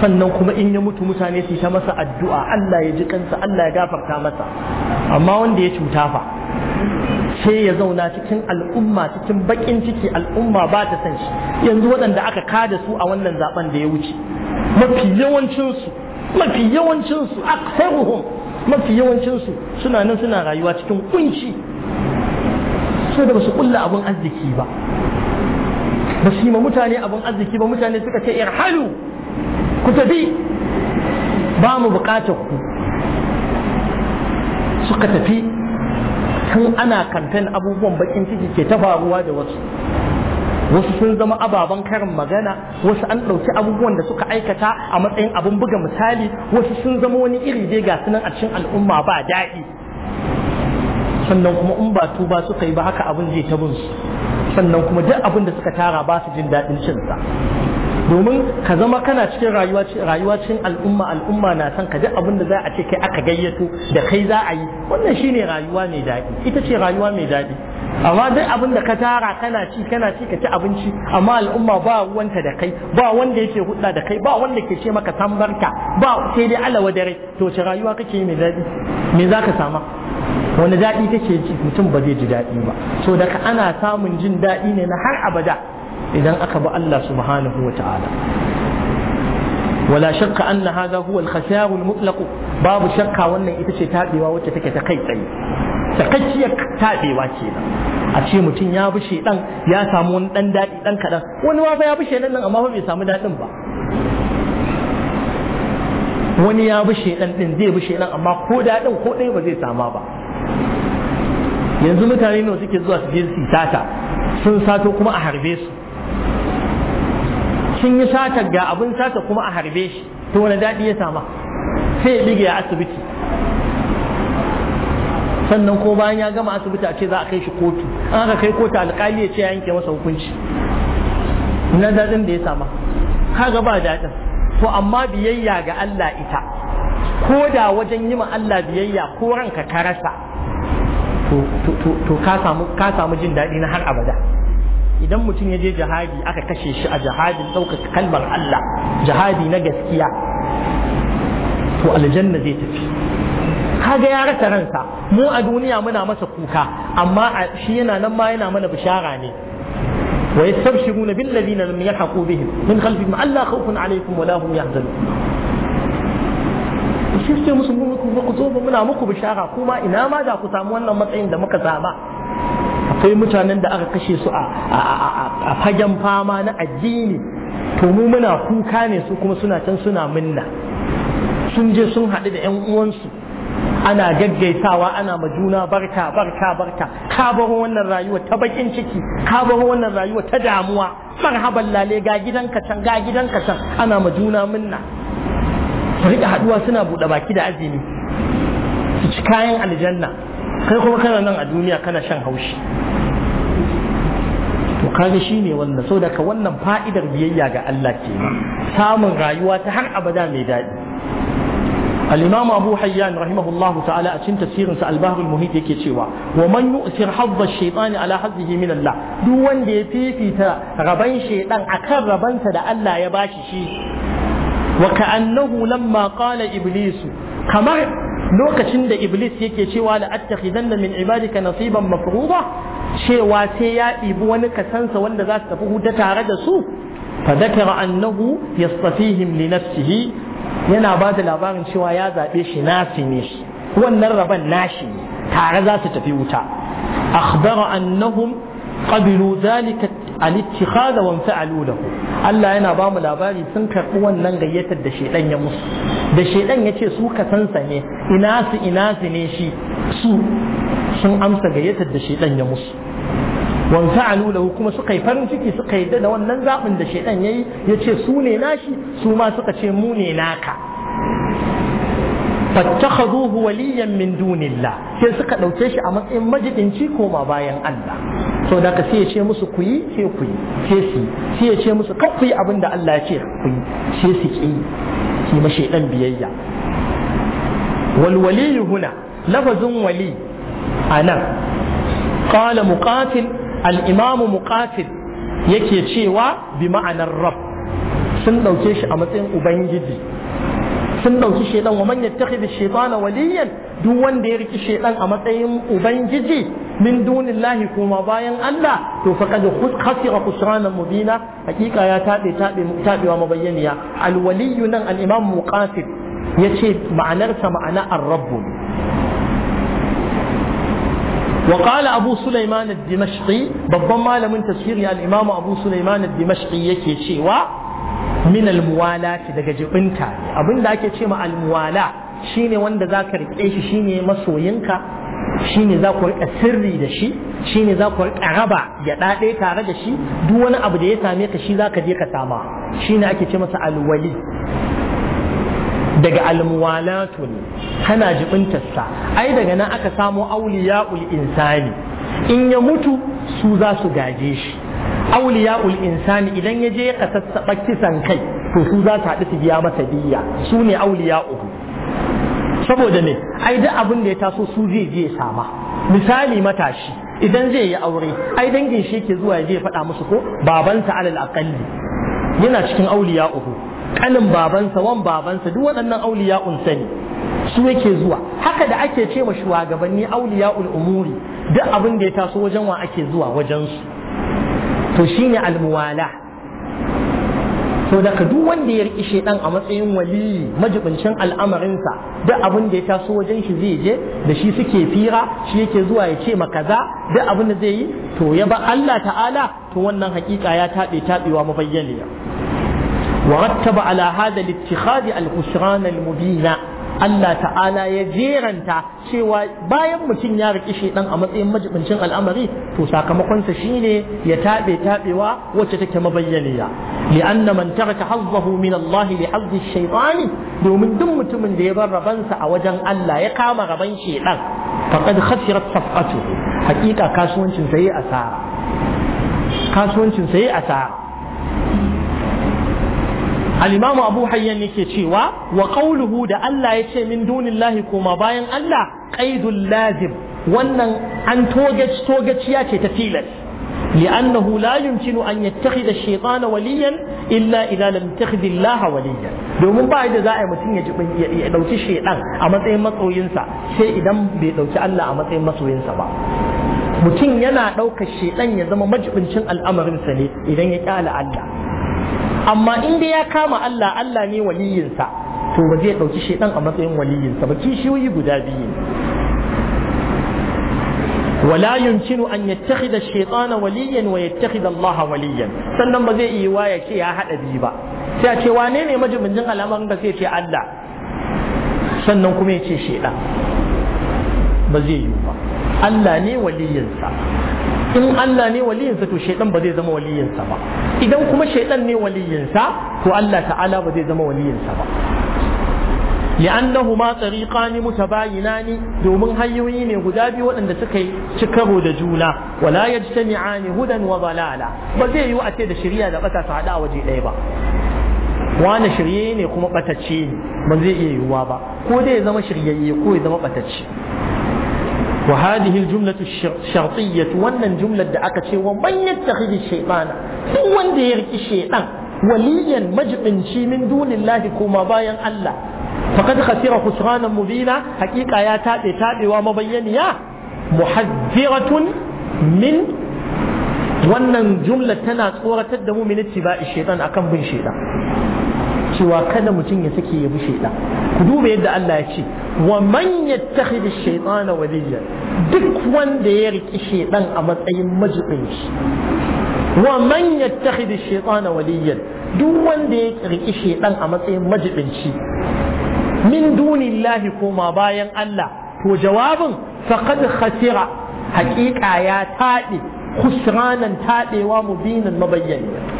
sannan kuma in ya mutu mutane su ta masa addu'a Allah ya ji kansa Allah ya gafarta masa amma wanda ya cuta fa sai ya zauna cikin al'umma cikin bakin ciki al'umma ba ta san shi yanzu waɗanda aka kada su a wannan zaben da ya wuce mafi yawancinsu mafi yawancinsu aksaruhum mafi yawancinsu suna nan suna rayuwa cikin kunci so da basu kulla abun arziki ba ba su yi ma mutane abun arziki ba mutane suka ce irhalu ku tafi ba mu bukatar ku suka tafi tun ana kantan abubuwan bakin ciki ke ta faruwa da wasu wasu sun zama ababen karin magana wasu an ɗauki abubuwan da suka aikata a matsayin abin buga misali wasu sun zama wani iri dai ga sunan a cikin al'umma ba daɗi sannan kuma in ba tuba suka yi ba haka abin zai ta bin sannan kuma duk abin da suka tara ba su jin daɗin cinsa domin ka zama kana cikin rayuwa cikin al'umma al'umma na san ka duk abin da za a ce kai aka gayyato da kai za a yi wannan shine rayuwa mai daɗi ita ce rayuwa mai daɗi amma duk abin da ka tara kana ci kana ci ka ci abinci amma al'umma ba ruwanta da kai ba wanda yake hudda da kai ba wanda ke ce maka tambarka ba sai dai alawa dare to ce rayuwa kake yi mai daɗi me za ka sama wani daɗi kake ji mutum ba zai ji daɗi ba so daga ana samun jin daɗi ne na har abada idan aka bi Allah subhanahu wa ta'ala wala shakka anna hadha huwa al-khasar al-mutlaq babu shakka wannan ita ce tabewa wacce take ta kai tsaye a ce mutum ya bi shaidan ya samu wani dan daɗi dan kaɗan wani ma fa ya bi shaidan nan amma fa bai samu daɗin ba wani ya bi shaidan din zai bi shaidan amma ko daɗin ko ɗaya ba zai sama ba yanzu mutane nawa suke zuwa su je su sata sun sato kuma a harbe su sun yi sata ga abin sata kuma a harbe shi to wani daɗi ya sama sai ya ya a asibiti sannan ko bayan ya gama asibiti a ce za a kai shi kotu an aka kai kotu alƙali ya ce ya yanke masa hukunci na daɗin da ya sama kaga ba daɗin to amma biyayya ga Allah ita ko da wajen yi ma Allah biyayya ko ranka ka rasa to ka samu jin daɗi na har abada idan mutum ya je jihadi aka kashe shi a jihadin ɗaukaka kalmar Allah jihadi na gaskiya to aljanna zai tafi kaga ya rasa ransa mu a duniya muna masa kuka amma shi yana nan ma yana mana bishara ne wa yastabshiruna bil ladina lam yahqu bihim min khalfihim alla khawfun alaykum wa la hum yahzanun shi sai musu mun ku zo muna muku bishara kuma ina ma da ku samu wannan matsayin da muka saba akwai mutanen da aka kashe su a fagen fama na addini to mu muna kuka ne su kuma suna can suna minna sun je sun haɗu da 'yan uwansu ana gaggaisawa ana ma juna barka barka barka ka baro wannan rayuwa ta bakin ciki ka baro wannan rayuwa ta damuwa marhaban lale ga gidanka can ga gidanka can ana ma minna su haɗuwa suna buɗe baki da azumi su ci kayan aljanna kai kuma kana nan a duniya kana shan haushi to kaga shine ne wannan saboda daga wannan fa'idar biyayya ga Allah ke samun rayuwa ta har abada mai daɗi Alimam imam abu hayyan rahimahullahu ta'ala a cikin tafsirin sa al-bahrul muhit yake cewa wa man yu'sir hadda shaytani ala haddihi duk wanda ya fifita raban shaytan akan rabansa da Allah ya bashi shi wa ka'annahu lamma qala iblis kamar lokacin da iblis yake cewa la attakhidanna min ibadika nasiban mafruḍa cewa sai ya ibi wani kasansa wanda za su tafi huta tare da su Fadakar annahu أنه يصطفيهم nafsihi. yana ba da labarin cewa ya zaɓe shi nasi ne wannan raban nashi ne tare za su tafi wuta akhbara annahum qabilu zalika al-ittikhad wa fa'alu lahu Allah yana ba mu labari sun karɓi wannan gayyatar da shedan ya musu da shedan ya ce su ka sansa ne ina su ina su ne shi su sun amsa gayyatar da shedan ya musu wan fa'alu lahu kuma suka yi farin ciki suka yi da wannan zaɓin da shaidan yayi yace su ne nashi su ma suka ce mu ne naka fattakhaduhu waliyan min sai suka ɗauke shi a matsayin majidinci koma bayan Allah to da ka sai ya ce musu ku yi sai ku yi sai su sai ya ce musu kar ku yi abin Allah ya ce ku yi sai su ki ki ma shaydan biyayya wal wali huna lafazun wali anan qala mukafin. al'imamu muqatil yake cewa bi ma'anar rab sun ɗauke shi a matsayin ubangiji sun ɗauki shaidan wa man yattakhidhu shaytana waliyan duk wanda ya riki shaidan a matsayin ubangiji min dunillahi kuma bayan Allah to faqad khasira khusrana mubina hakika ya tabe tabe tabewa mabayyaniya alwaliyu nan al-imam muqatil yace ma'anarsa ma'ana ar-rabb وقال أبو سليمان الدمشقي بضم من تفسير الإمام أبو سليمان الدمشقي يكي شيوا من الموالاة da ake أبن ذاك شيما الموالاة shine wanda za ka riƙe shi shine masoyinka shine za ku riƙa sirri da shi shine za ku riƙa raba ya ɗaɗe tare da shi duk wani abu da ya same ka shi za ka je ka sama shine ake ce masa alwali daga almuwalatu ne kana jibintarsa ai daga nan aka samo ul insani in ya mutu su za su gaje shi auliya'ul insani idan ya je ya kasassaɓa kisan kai to su za su haɗu su biya masa biya su ne ubu. saboda ne ai duk abin da ya taso su zai je sama misali matashi idan zai yi aure ai dangin shi ke zuwa ya zai faɗa musu ko babansa alal aqalli yana cikin auliya uku kanin babansa wan babansa duk waɗannan auliya unsani ne su yake zuwa haka da ake ce ma shugabanni auliya umuri duk abin da ya taso wajen wa ake zuwa wajen su to shine almuwala to daga duk wanda ya riƙi shedan a matsayin waliyi majibincin al'amarinsa duk abin da ya taso wajen shi zai je da shi suke fira shi yake zuwa ya ce kaza duk abin da zai yi to ya ba Allah ta'ala to wannan hakika ya taɓe taɓewa mabayyaniya ورتب على هذا الاتخاذ الخسران المبين Allah ta'ala ya jeranta cewa bayan mutum ya riƙi shaidan a matsayin majibincin al'amari to sakamakonsa shine ya taɓe taɓewa wacce take mabayyaniya li'anna man taraka hazzahu min Allah li hazzi domin duk mutumin da ya bar rabansa a wajen Allah ya kama raban shaidan faqad khasirat safqatu hakika kasuwancin sai asara kasuwancin sai asara al-imam abu hayyan yake cewa wa qawluhu da Allah ya ce min dunillahi koma bayan Allah qaidul lazim wannan an togaciya ce ta tilas لأنه لا يمكن أن يتخذ الشيطان وليا إلا إذا لم يتخذ الله وليا domin ba da za a yi mutum ya ɗauki shaidan a matsayin masoyinsa sai idan bai ɗauki Allah a matsayin masoyinsa ba mutum yana ɗaukar shaidan ya zama majibincin al'amarinsa ne idan ya ƙyala Allah amma in dai ya kama Allah Allah ne waliyinsa to ba zai ɗauki shaidan a matsayin waliyinsa ba kishiyoyi guda biyu ولا يمكن أن يتخذ الشيطان وليا ويتخذ الله وليا sannan ba zai yi wa ya ce ya haɗa biyu ba sai a ce wane ne majibincin al'amarin da sai ce Allah sannan kuma ya ce ba zai yi Allah ne waliyinsa in Allah ne waliyinsa to shaidan ba zai zama waliyinsa ba idan kuma shaidan ne waliyinsa to Allah ta'ala ba zai zama waliyinsa ba li'annahuma bayina ni domin hanyoyi ne guda biyu waɗanda suka yi karo da juna wala yajtami'ani hudan wa dalala ba zai yiwu a ce da shari'a da bata su hada waje ɗaya ba wani shirye ne kuma batacce ne ba zai iya yiwuwa ba ko dai ya zama shiryayye ko ya zama batacce wa hadhihi aljumlatu ash-shartiyyah wannan jumlar da aka ce wa man yattakhidhi ash-shaytana wanda ya riki shaytan waliyan majibinci min dunillahi kuma bayan Allah faqad khasira khusranan mubina hakika ya tabe ma mabayyaniya muhaddiratun min wannan jumla tana tsoratar da mu min ittiba'i shaytan akan bin shaytan cewa kada mutum ya sake ya bi shaitan ku duba yadda Allah ya ce wa man yattakhidhi shaytana waliya duk wanda ya riki shaitan a matsayin majibin shi wa man yattakhidhi shaytana waliya duk wanda ya riki shaitan a matsayin majibin shi min dunillahi koma bayan Allah to jawabin faqad khasira haƙiƙa ya taɗe khusranan taɗewa mubinan mabayyana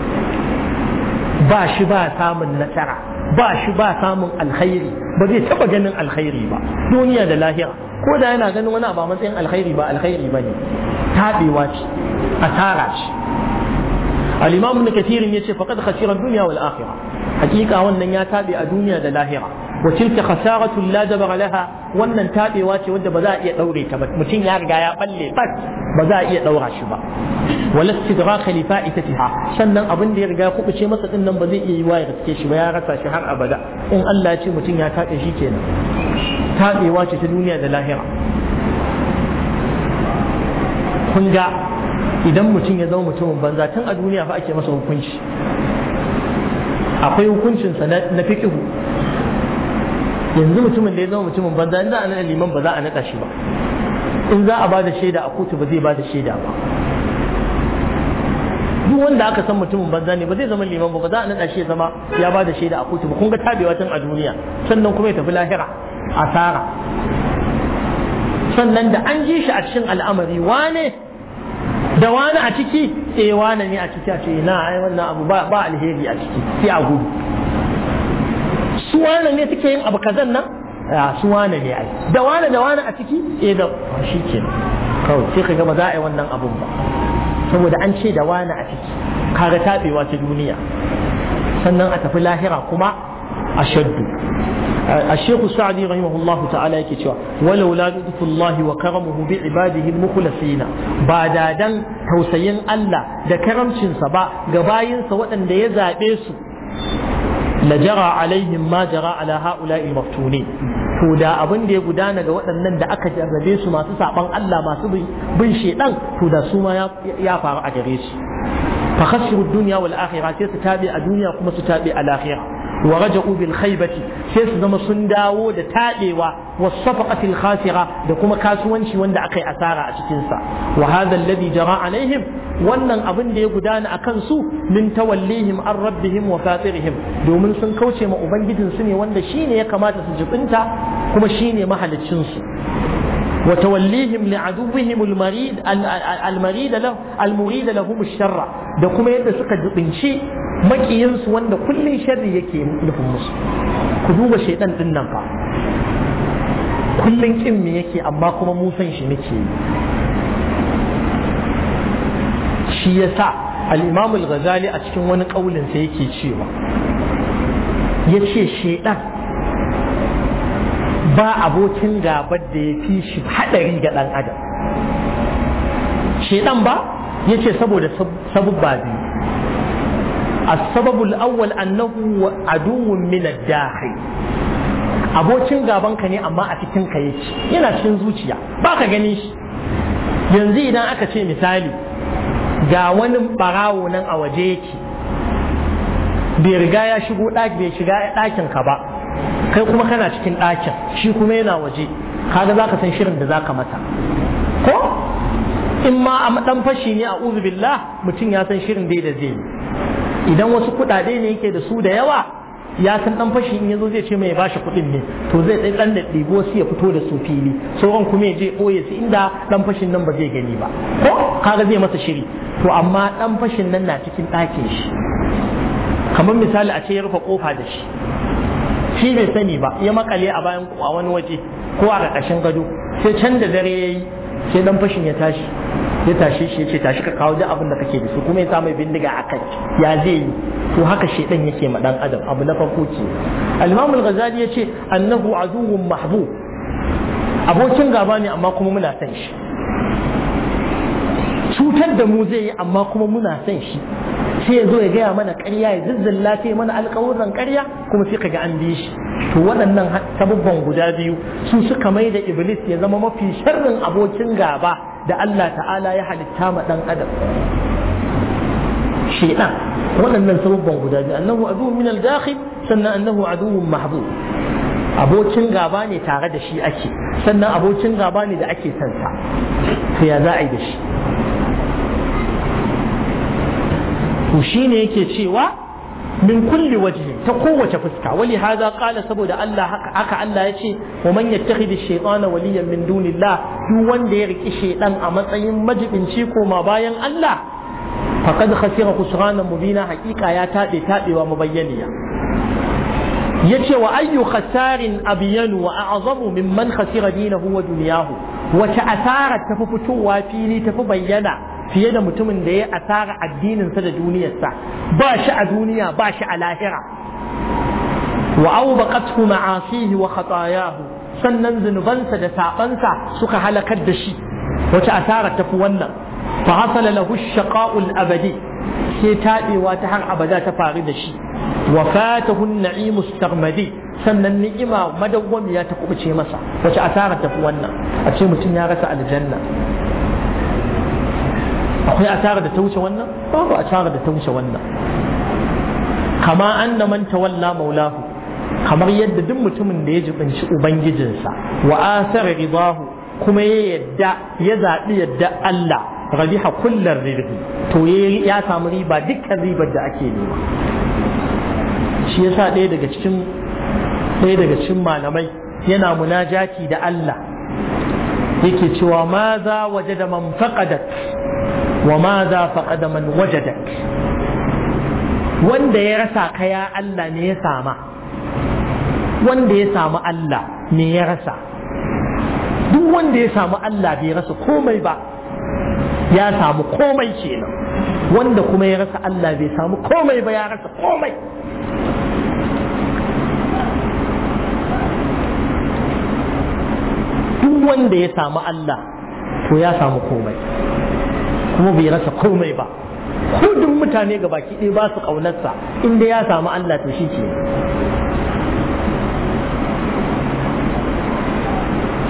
ba shi ba samun nasara ba shi ba samun alkhairi ba zai taba ganin alkhairi ba duniya da lahira ko da yana ganin wani abu matsayin alkhairi ba alkhairi ba ne taɓewa ce asara ce al-imam ibn kathir yace faqad khasira dunya wal akhirah hakika wannan ya taɓe a duniya da lahira wa tilka khasaratu la wannan tabewa ce wanda ba a iya daure ta mutum ya riga ya balle fat ba za a iya daura shi ba wala istidraka li fa'itatiha sannan abin da ya riga kubuce masa din nan ba zai iya yiwa ya riske shi ba ya rasa shi har abada in Allah ce mutum ya tabe shi kenan tabewa ce ta duniya da lahira kun idan mutum ya zama mutumin banza tun a duniya fa ake masa hukunci akwai hukuncinsa na fikihu yanzu mutumin da ya zama mutumin banza in za a naɗa liman ba za a naɗa shi ba in za a ba da shaida a kotu ba zai ba da shaida ba duk wanda aka san mutumin banza ne ba zai zama liman ba ba za a naɗa shi ya zama ya ba da shaida a kotu ba kun ga tabewa tun a duniya sannan kuma ya tafi lahira asara sannan da an ji shi a cikin al'amari wane da wani a ciki eh wane ne a ciki a ce na ai wannan abu ba alheri a ciki sai a gudu su wane ne suke yin abu kazan nan a ah, su wane ne ai da wane da wane a ciki eh da shi ke kawai sai ka gama za a yi wannan abun ba saboda an ce da wane a ciki kaga tabewa ta duniya sannan a tafi lahira kuma a shaddu الشيخ السعدي رحمه الله تعالى يكتشف ولولا لطف الله وكرمه بعباده المخلصين بعد دان توسين الله ده كرمشن سبا waɗanda ya أن su. la jara alaihim ma jara ala haula'i maftuni to da abin da ya gudana ga waɗannan da aka jarrabe su masu saban Allah masu bin shedan to da su ma ya faru a gare su fa khasiru dunya wal akhirah sai su tabi a duniya kuma su tabi a lahira wa raja'u bil khaybati sai su zama sun dawo da tadewa was safaqatil khasira da kuma kasuwanci wanda akai asara a cikin sa wa hadha alladhi jara alaihim wannan abin da ya gudana akan su min tawallihim an rabbihim wa fatirihim domin sun kauce ma ubangijin su ne wanda shine ya kamata su jibinta kuma shine mahaliccin su وتوليهم لعدوهم المريد المريد له المريد لهم الشر da kuma yadda suka dubinci maƙiyinsu wanda kullum sharri yake nufin musu ku duba shaidan din nan fa kullum kin me yake amma kuma musan shi nake yi shi yasa al-imam al-ghazali a cikin wani kaulin sa yake cewa yace shaidan ba abokin gabar da ya fi shi hadari ga dan adam shaidan ba yace saboda sabubba biyu السبب الأول أنه عدو من الداخل abocin gabanka ne amma a cikin ka yake yana cikin zuciya ba ka gani shi yanzu idan aka ce misali ga wani barawo nan a waje yake bai riga ya shigo ɗaki bai shiga ɗakin ka ba kai kuma kana cikin ɗakin shi kuma yana waje kaga za ka san shirin da za ka mata ko in ma a dan fashi ne a billah mutum ya san shirin da zai yi idan wasu kuɗaɗe ne yake da su da yawa ya san dan fashi in yazo zai ce mai bashi kuɗin ne to zai dai dan da ɗibo su ya fito da su fili sauran kuma ya je boye su inda dan fashin nan ba zai gani ba ko kaga zai masa shiri to amma dan fashin nan na cikin ɗakin shi kamar misali a ce ya rufe kofa da shi shi bai sani ba ya makale a bayan a wani waje ko a ƙarƙashin gado sai can da dare ya yi sai dan fashin ya tashi ya tashi shi ce tashi ka kawo duk abin da kake da su kuma ya sa mai bindiga a kai ya zai yi to haka shedan yake ma dan adam abu na farko ce al-imam al-ghazali yace annahu aduwwun mahbub abokin gaba ne amma kuma muna san shi cutar da mu zai yi amma kuma muna san shi sai ya zo ya gaya mana ƙarya ya zizzilla sai mana alƙawurran ƙarya kuma sai ka ga an bi shi to waɗannan sababban guda biyu su suka mai da iblis ya zama mafi sharrin abokin gaba da Allah ta'ala ya halitta ma ɗan adam shaitan waɗannan sababban guda biyu annahu aduhu min al-dakhil sannan annahu aduhu mahdhur abokin gaba ne tare da shi ake sannan abokin gaba ne da ake sansa to ya za a yi da shi to ne yake cewa min kulli wajhi ta kowace fuska wali za qala saboda Allah haka aka Allah ce wa man yattakhidhi shaytana waliyan min dunillah duk wanda ya riki shaydan a matsayin majibinci koma bayan Allah faqad khasira khusrana mubina haqiqa ya tabe tabewa mubayyaniya yace wa ayyu khasarin abyanu wa a'zamu mimman khasira dinahu wa dunyahu wata asara tafi fitowa fili tafi bayyana fiye da mutumin da ya asara addininsa da duniyarsa ba shi a duniya ba shi a lahira wa awbaqathu ma'asihi wa khatayahu sannan zunubansa da sabansa suka halakar da shi wata asara tafi wannan fa hasala lahu shaqa'ul abadi sai tadewa ta har abada ta faru da shi wa fatahu an-na'imu sarmadi sannan ni'ima madawwamiya ta kubuce masa wace asara tafi wannan a ce mutum ya rasa aljanna akwai asara da ta wuce wannan babu asara da ta wuce wannan kama anna man walla maulahu kamar yadda duk mutumin da ya jibinci ubangijinsa wa asara ridahu kuma ya yadda ya zaɓi yadda Allah rabiha kullar rirhi to ya samu riba dukkan ribar da ake nema shi yasa ɗaya daga cikin ɗaya daga cikin malamai yana munajati da Allah yake cewa maza waje da man faqadat wa ma za faƙada man wajadak wanda ya rasa ka ya Allah ne ya sama wanda ya samu Allah ne ya rasa duk wanda ya samu Allah bai rasa komai ba ya samu komai kenan wanda kuma ya rasa Allah bai samu komai ba ya rasa komai duk wanda ya samu Allah to ya samu komai kuma bai rasa komai ba ko duk mutane ga baki ɗaya ba su ƙaunarsa inda ya samu Allah to shi ke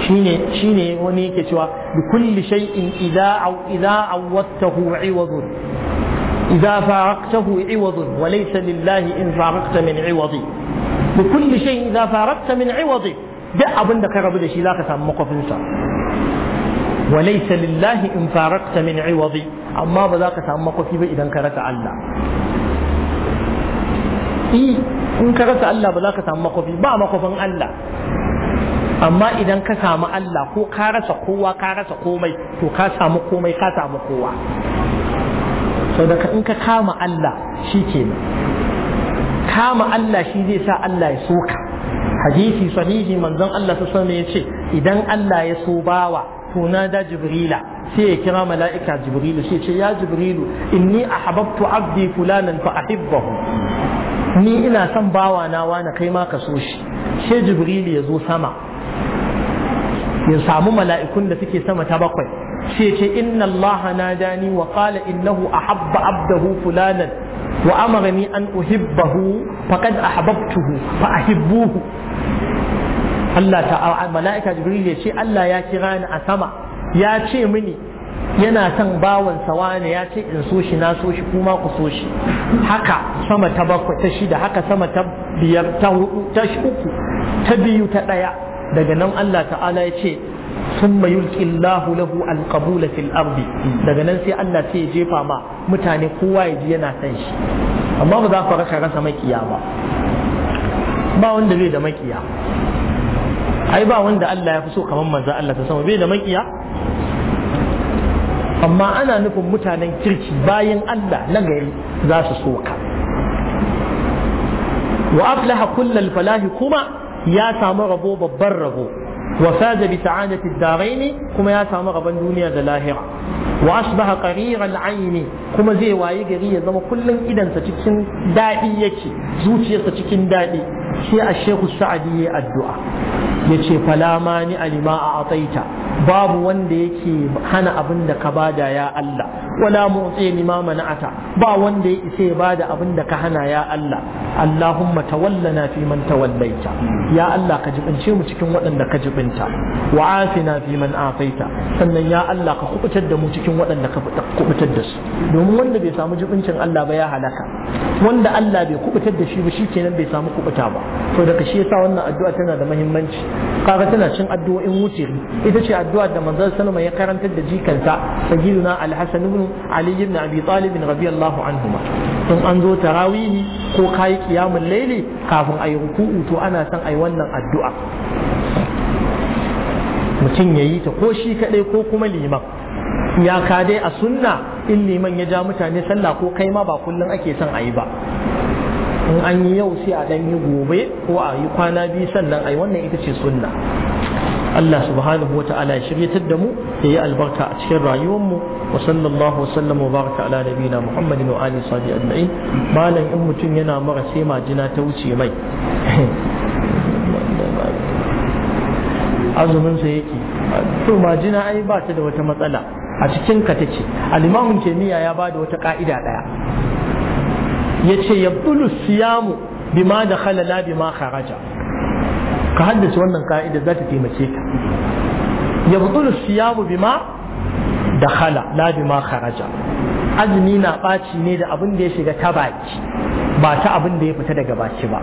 shine shine wani yake cewa bi kulli shay'in idza aw idza awwattahu iwadun idza faraqtahu iwadun wa laysa lillahi in faraqta min iwadi bi kulli shay'in idza faraqta min iwadi duk abin da ka rabu da shi zaka samu makofinsa وليس لله إن فارقت من عوضي أما بذاك سأمك في إذا كرت الله إيه إن كرت الله بذاك سأمك في با مكفن الله amma idan ka samu Allah ko ka rasa kowa ka rasa komai to ka samu komai ka samu kowa sau da in ka kama Allah shi ke kenan kama Allah shi zai sa Allah ya so ka hadisi sahihi manzon Allah ta sani ya ce idan Allah ya so bawa to da jibrila sai ya kira mala'ika jibrilu sai ya jibrilu inni ahabbtu abdi ina son bawa na wani kai ma ka sai jibrilu ya zo sama ya samu mala'ikun da suke sama ta bakwai sai ce na allaha nadani wa qala innahu ahabba abdahu fulanan wa amarani an uhibbahu faqad ahbabtuhu fa ahibbuhu Allah ta mala'ika Jibril ya ce Allah ya kira ni a sama ya ce mini yana son bawan sawa ne ya ce in so shi na so shi kuma ku so shi haka sama ta bakwai ta shida haka sama ta biyar ta hudu ta uku ta biyu ta daya daga nan Allah ta'ala ya ce summa yulqi Allahu lahu alqabula fil ardi daga nan sai Allah sai ya jefa ma mutane kowa ya ji yana san shi amma ba za ku rasa rasa makiya ba ba wanda zai da makiya ai ba wanda Allah ya fi so kamar manzan Allah ta sama bai da makiya amma ana nufin mutanen kirki bayan Allah na gari za su so ka wa aflaha kullal falahi kuma ya samu rabo babban rabo wa faza bi sa'adati ad-daraini kuma ya samu rabon duniya da lahira wa asbaha qariran aini kuma zai wayi gari ya zama kullun idansa cikin dadi yake zuciyarsa cikin dadi sai a shehu sa'adi addu'a yace fala mani alima a ataita babu wanda yake hana abin da ka bada ya Allah wala mutsi ni ma mana'ata ba wanda ya isa ya bada abin da ka hana ya Allah Allahumma tawallana fi man tawallaita ya Allah ka jibince mu cikin waɗanda ka jibinta wa afina fi man afaita sannan ya Allah ka kubutar da mu cikin waɗanda ka kubutar da su domin wanda bai samu jibincin Allah ba ya halaka wanda Allah bai kubutar da shi ba shikenan bai samu kubuta ba to daga shi yasa wannan addu'a tana da muhimmanci kaga tana cin addu'o'in wuce ita ce addu'a da manzon sallama ya karantar da jikansa sayyiduna al-hasan ibn ali ibn abi talib radiyallahu anhuma tun an zo tarawih ko kai qiyamul layli kafin ayi ruku'u to ana san ayi wannan addu'a mutum yayi ta ko shi kadai ko kuma liman ya ka dai a sunna in liman ya ja mutane sallah ko kai ma ba kullum ake son ayi ba in an yi yau sai a dan yi gobe ko a yi kwana biyu sannan ai wannan ita ce sunna Allah subhanahu wa ta'ala ya shiryatar da mu ya yi albarka a cikin rayuwarmu wa sallallahu wa sallam wa baraka ala nabiyina muhammadin wa ali sadi ajma'in malam in mutum yana mara sai majina ta wuce mai azumin sa yake to majina ai ba ta da wata matsala a cikin ka take al kemiya ya ba da wata ka'ida daya yace bulu siyamu bima da khalala bima kharaja ka haddace wannan ka'ida za ta taimake ka bulu siyamu bima da khala la bima kharaja azumi na ɓaci ne da abin da ya shiga ta baki ba ta abin da ya fita daga baki ba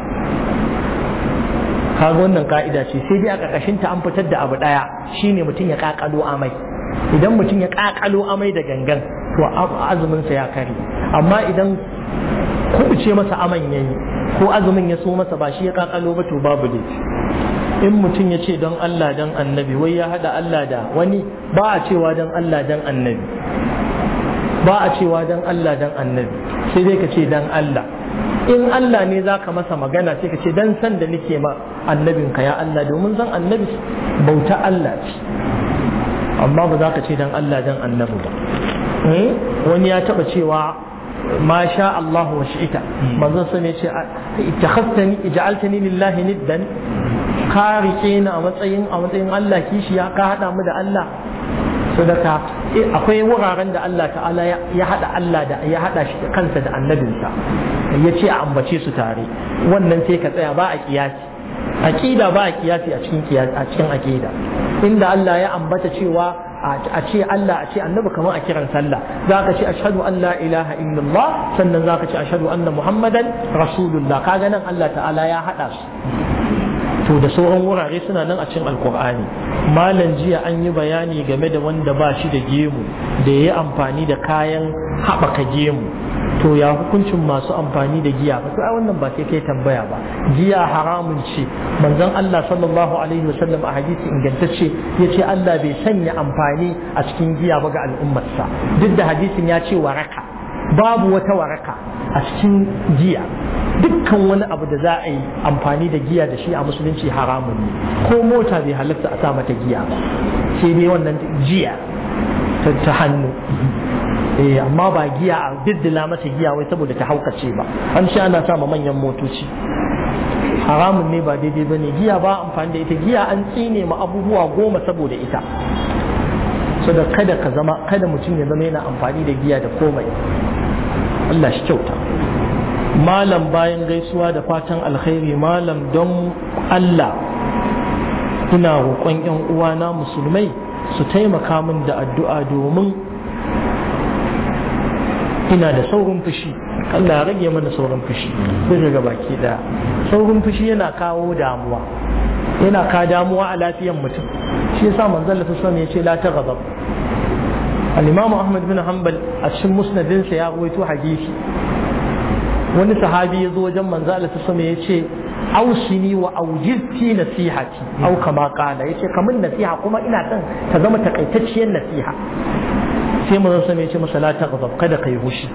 kaga wannan ka'ida ce sai dai a ƙarƙashin ta an fitar da abu ɗaya shine mutum ya ƙaƙalo amai idan mutum ya ƙaƙalo amai da gangan to azumin sa ya kare amma idan ko ce masa aman yi ko azumin ya so masa ba shi ya kakalo ba to babu laifi in mutum ya ce don Allah don annabi wai ya hada Allah da wani ba a cewa don Allah don annabi ba a cewa don Allah don annabi sai dai ka ce don Allah in Allah ne za ka masa magana sai ka ce dan san da nake ma annabin ka ya Allah domin zan annabi bauta Allah ce amma ba za ka ce dan Allah dan annabi ba hmm? wani ya taba cewa Masha Allahu Allah wa shi'ita manzon sa ne ce ittakhastani ij'altani lillahi niddan ka rike a matsayin Allah kishiya ka hada mu da Allah sadaka akwai wuraren da Allah ta'ala ya hada da ya hada shi kansa da annabinsa ya ce a ambace su tare wannan sai ka tsaya ba a kiyasi aqida ba a kiyasi a cikin kiyasi inda Allah ya ambata cewa a ce Allah a ce annabi kamar a kiran sallah za ka ce ashhadu an la ilaha illallah sannan za ka ce ashhadu anna muhammadan rasulullah kaga nan Allah ta'ala ya hada su to da sauran wurare suna nan a cikin alkur'ani malam jiya an yi bayani game da wanda ba shi da gemu da ya yi amfani da kayan haɓaka gemu to ya hukuncin masu amfani da giya ba sai wannan ba sai kai tambaya ba giya haramun ce manzon Allah sallallahu alaihi wasallam a hadisi ingantacce yace Allah bai sanya amfani a cikin giya ba ga al'ummarsa duk da hadisin ya ce waraka babu wata waraka a cikin giya dukkan wani abu da za a yi amfani da giya da shi a musulunci haramun ne ko mota bai halatta a sa mata giya sai dai wannan giya ta hannu eh amma ba giya a diddila mata giya wai saboda ta haukace ba an sha ana sa manyan motoci haramun ne ba daidai ba ne giya ba amfani da ita giya an tsine ma abubuwa goma saboda ita da kada ka zama kada mutum ya zama yana amfani da giya da komai Allah shi kyauta malam bayan gaisuwa da fatan alkhairi malam don Allah ina roƙon 'yan uwana musulmai su taimaka min da addu'a domin ina da saurin fushi Allah ya rage mana saurin fushi zai daga baki daya saurin fushi yana kawo damuwa yana ka damuwa a lafiyar mutum shi yasa manzon Allah sallallahu ya ce la taghadab al-Imam Ahmad bin Hanbal a cikin musnadinsa ya rawaito hadisi wani sahabi ya zo wajen manzo Allah sallallahu ya ce ausini wa aujizti nasihati au kama kana yace kamin nasiha kuma ina son ta zama takaitacciyar nasiha sai mazan zan ya ce masa la taqzab kada kai hushi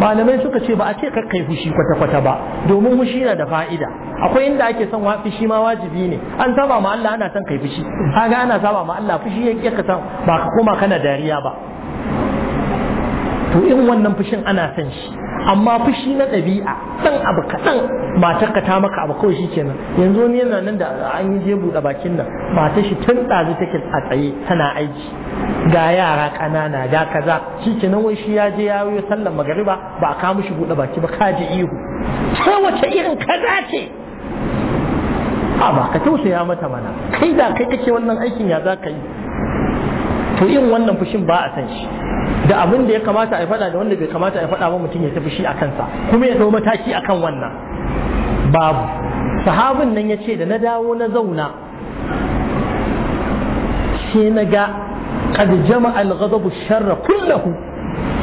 malamai suka ce ba a ce ka kai hushi kwata kwata ba domin hushi yana da fa'ida akwai inda ake son wa fushi ma wajibi ne an saba ma Allah ana son kai fushi kaga ana saba ma Allah fushi yake ka san ba ka koma kana dariya ba to in wannan fushin ana son shi amma fushi na ɗabi'a ɗan abu kaɗan ka ta maka abu kawai shikenan yanzu wani yana nan da an yi je buɗe bakin nan matar shi tun ɗazu take a tsaye tana aiki ga yara ƙanana da kaza shi shikenan wai shi ya je ya yi sallar magariba ba a kawo mishi buɗe baki ba kaji ihu ta wace irin kaza ce a ba ka tausaya mata mana kai da kai kake wannan aikin ya za ka yi to yin wannan fushin ba a san shi da abin da ya kamata a faɗa da wanda bai kamata a faɗa ba mutum ya tafi shi a kansa kuma ya ɗau mataki a kan wannan babu sahabin nan ya ce da na dawo na zauna sai na ga qad jama'a al-ghadabu sharra kullahu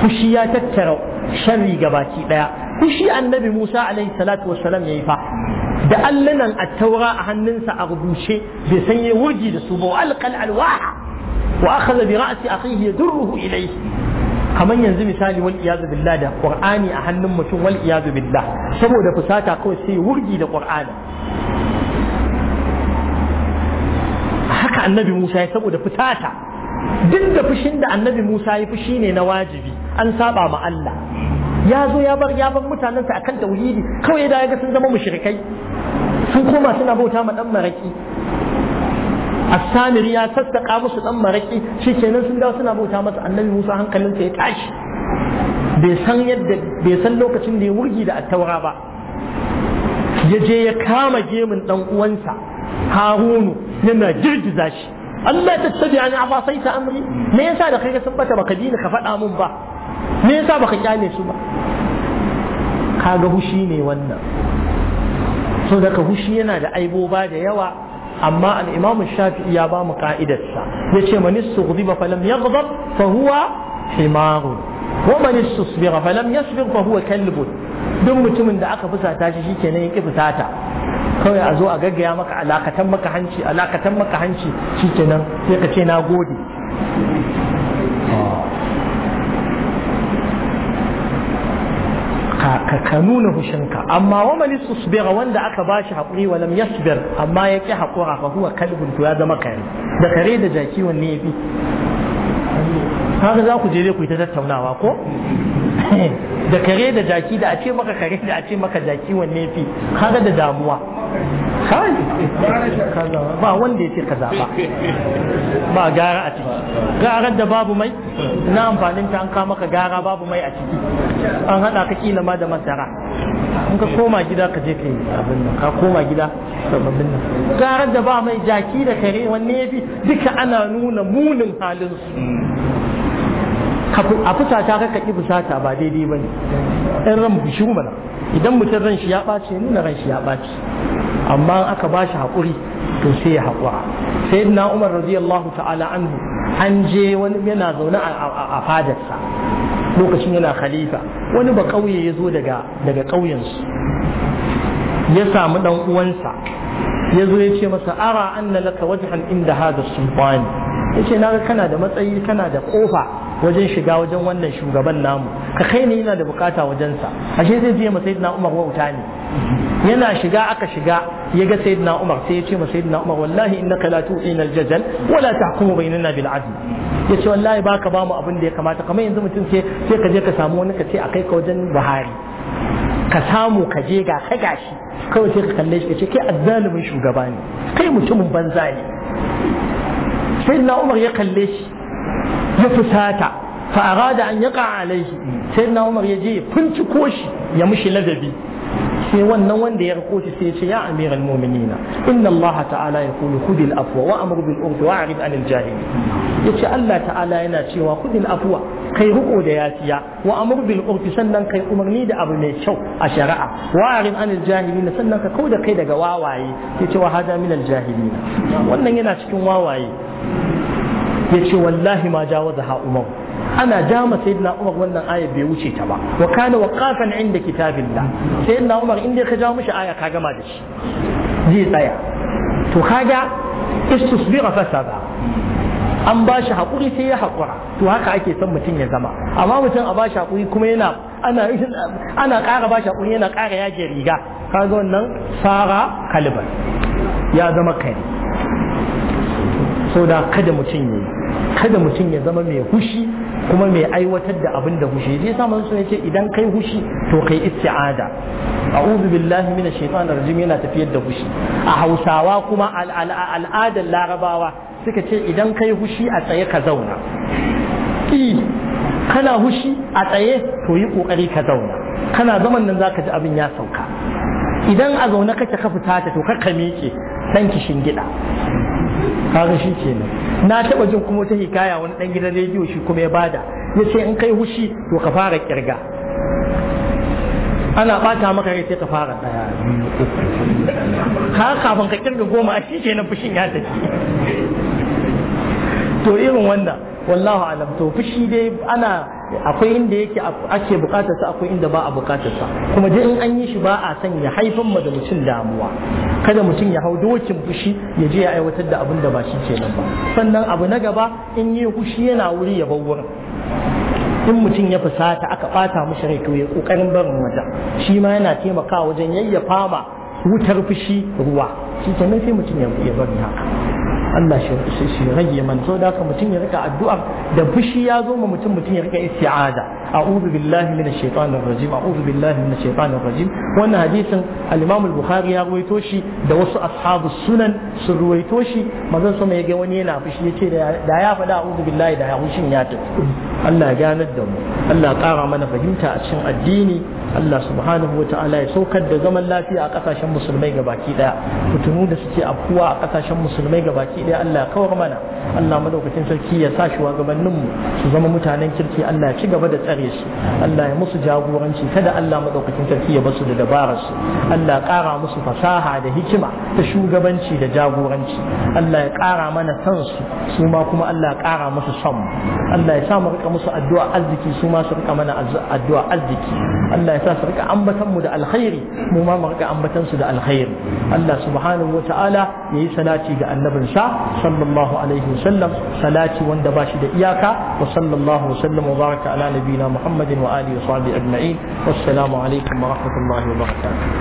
fushi ya tattara sharri gabaki daya fushi annabi Musa alaihi salatu wassalam yayi fa da allanan at-taura a hannunsa a rubuce bai sanya wurgi da su ba alqal alwaha wa akhadha bi ra'si akhihi yadurruhu ilayhi kamar yanzu misali wal da qur'ani a hannun mutum wal billah saboda fusata kawai sai wurgi da qur'ani haka annabi Musa saboda fusata duk da fushin da annabi Musa ya fushi ne na wajibi an saba ma Allah ya zo ya bar ya bar mutanensa akan tauhidi kawai da ya ga sun zama mushirikai sun koma suna bauta ma dan maraki as-samiri ya sassaka musu dan maraki kenan sun dawo suna bauta masa annabi Musa hankalinsa ya tashi bai san yadda bai san lokacin da ya wurgi da attaura ba ya je ya kama gemun dan uwansa Harunu yana girgiza shi Allah ta tabi an afa sai ta amri me yasa da kai ka tabbata baka dina ka faɗa mun ba me yasa baka kyale su ba kaga hushi ne wannan so daga hushi yana da aibo ba da yawa amma al shafi'i ya ba mu ka'idarsa yace man istughdiba falam yaghdab fa huwa himarun wa man istusbira falam yasbir fa huwa kalbun duk mutumin da aka fusata shi shikenan ya ki fusata kawai a zo a gaggaya maka alakatan maka hanci alakatan maka hanci nan sai ka ce na gode ka nuna hushinka amma wa mali susbira wanda aka ba shi haƙuri wa lam yasbir amma ya ƙi haƙura fa huwa kalbun to ya zama kare da kare da jaki wanne ya fi? haka za ku je ku yi ta tattaunawa ko da kare da jaki da a ce maka kare da a ce maka jaki wanne ya fi? haka da damuwa kai ba wanda ya ce ka zaɓa ba gara a ciki gara da babu mai na amfanin ta an kama ka gara babu mai a ciki an haɗa ka kila ma da masara in ka koma gida ka je ka yi abin nan ka koma gida sababbin nan gara da ba mai jaki da kare wanne ya fi duka ana nuna munin halin su a fusata ka kaɗi fusata ba daidai ba ne in ran bishu mana idan mutum ran shi ya ɓace nuna ran shi ya ɓace amma aka ba shi haƙuri to sai ya haƙura sai na umar radiyallahu ta'ala anhu an je wani yana zaune a fadarsa lokacin yana khalifa wani ba ƙauye ya zo daga ƙauyensu ya samu ɗan uwansa ya zo ya ce masa ara anna laka wajhan inda hada sultani ya ce na kana da matsayi kana da ƙofa wajen shiga wajen wannan shugaban namu ka kai ne yana da bukata wajensa ashe zai je masa na umar wauta ne yana shiga aka shiga ya ga sayyidina Umar sai ya ce ma sayyidina Umar wallahi innaka la tu'ina al-jazal wa la tahkumu bainana bil adl yace wallahi baka ba mu abin da ya kamata kamar yanzu mutum ce sai ka je ka samu wani ka ce akai ka wajen Buhari ka samu ka je ga ka gashi kawai sai ka kalle shi ka ce kai azzalumin shugaba ne kai mutumin banza ne sayyidina Umar ya kalle shi ya fusata fa arada an yaqa alaihi sayyidina Umar ya je ya finciko shi ya mushi ladabi sai wannan wanda ya rako shi sai ya ce ya amiral mu'minina inna Allah ta'ala ya khudil afwa wa amru bil urfi wa arid anil jahili yace Allah ta'ala yana cewa khudil afwa kai riko da yafiya wa amru bil urfi sannan kai umarni da abu mai kyau a shari'a wa arid anil jahilina sannan ka kauda kai daga wawaye yace wa hada minal jahilina wannan yana cikin wawaye yace wallahi ma jawaza ha umar ana jama sayyidina umar wannan aya bai wuce ta ba wa kana waqafan inda kitabillah sayyidina umar inda ka ja mishi aya ka gama da shi zai tsaya to kaga istusbira fasaba an ba shi haƙuri sai ya haƙura to haka ake son mutum ya zama amma mutum a ba shi haƙuri kuma yana ana ana ƙara ba shi haƙuri yana ƙara yage riga kaga wannan fara kalibar ya zama kare so da kada mutum ya kada mutum ya zama mai hushi kuma mai aiwatar da abin da hushi zai samun sun yace idan kai hushi to kai isti'ada a'udhu billahi minash shaitanir rajim yana tafiyar da hushi a Hausawa kuma al'adar Larabawa suka ce idan kai hushi a tsaye ka zauna kana hushi a tsaye to yi kokari ka zauna kana zaman nan zaka ji abin ya sauka idan a zaune kake ka fita ta to kar ka miƙe dan kishin gida kaga shi kenan na taɓa jin kuma ta hikaya wani dan gidan rediyo shi kuma ya bada yace in kai hushi to ka fara kirga ana bata maka rai sai ka fara daya ka kafin ka kirga goma a shi kenan fushin ya tafi to irin wanda wallahu alam to fushi dai ana akwai inda yake ake bukatar sa akwai inda ba a bukatar sa kuma duk in an yi shi ba a san ya haifar ma da mutum damuwa kada mutum ya hau dokin fushi ya je ya aiwatar da abin da ba shi kenan ba sannan abu na gaba in yi fushi yana wuri ya bar wurin in mutum ya fusata aka bata mishi rai to ya kokarin barin wata shi ma yana taimakawa wajen yayyafa ma wutar fushi ruwa shi kenan sai mutum ya bari haka Allah shi rage man so da haka mutum ya rika addu'ar da fushi ya zo ma mutum mutum ya rika isti'aza a'udhu billahi minash shaitanir rajim a'udhu billahi minash shaitanir rajim wannan hadisin al-Imam al-Bukhari ya ruwaito shi da wasu ashabu sunan sun ruwaito shi manzon sama ga wani yana fushi yace da ya faɗa a'udhu billahi da ya ya tafi Allah ya ganar da mu Allah ƙara mana fahimta a cikin addini Allah subhanahu wa ta'ala ya saukar da zaman lafiya a kasashen musulmai gabaki daya fitinu da suke afkuwa a kasashen musulmai baki daya Allah ya kawar mana Allah madaukakin sarki ya sa shi wa su zama mutanen kirki Allah ya ci gaba da tsare shirye su Allah ya musu jagoranci kada Allah madaukakin sarki ya basu da dabarar su Allah ƙara musu fasaha da hikima ta shugabanci da jagoranci Allah ya ƙara mana san su su ma kuma Allah ya ƙara musu son Allah ya sa mu riƙa musu addu'a arziki su ma su riƙa mana addu'a arziki Allah ya sa su rika ambatan mu da alkhairi mu ma mu riƙa ambatan su da alkhairi Allah subhanahu ya yayi salati ga sa, sallallahu alaihi wasallam salati wanda ba shi da iyaka wa sallallahu sallam wa baraka ala nabiyina محمد وآله وصحبه أجمعين والسلام عليكم ورحمة الله وبركاته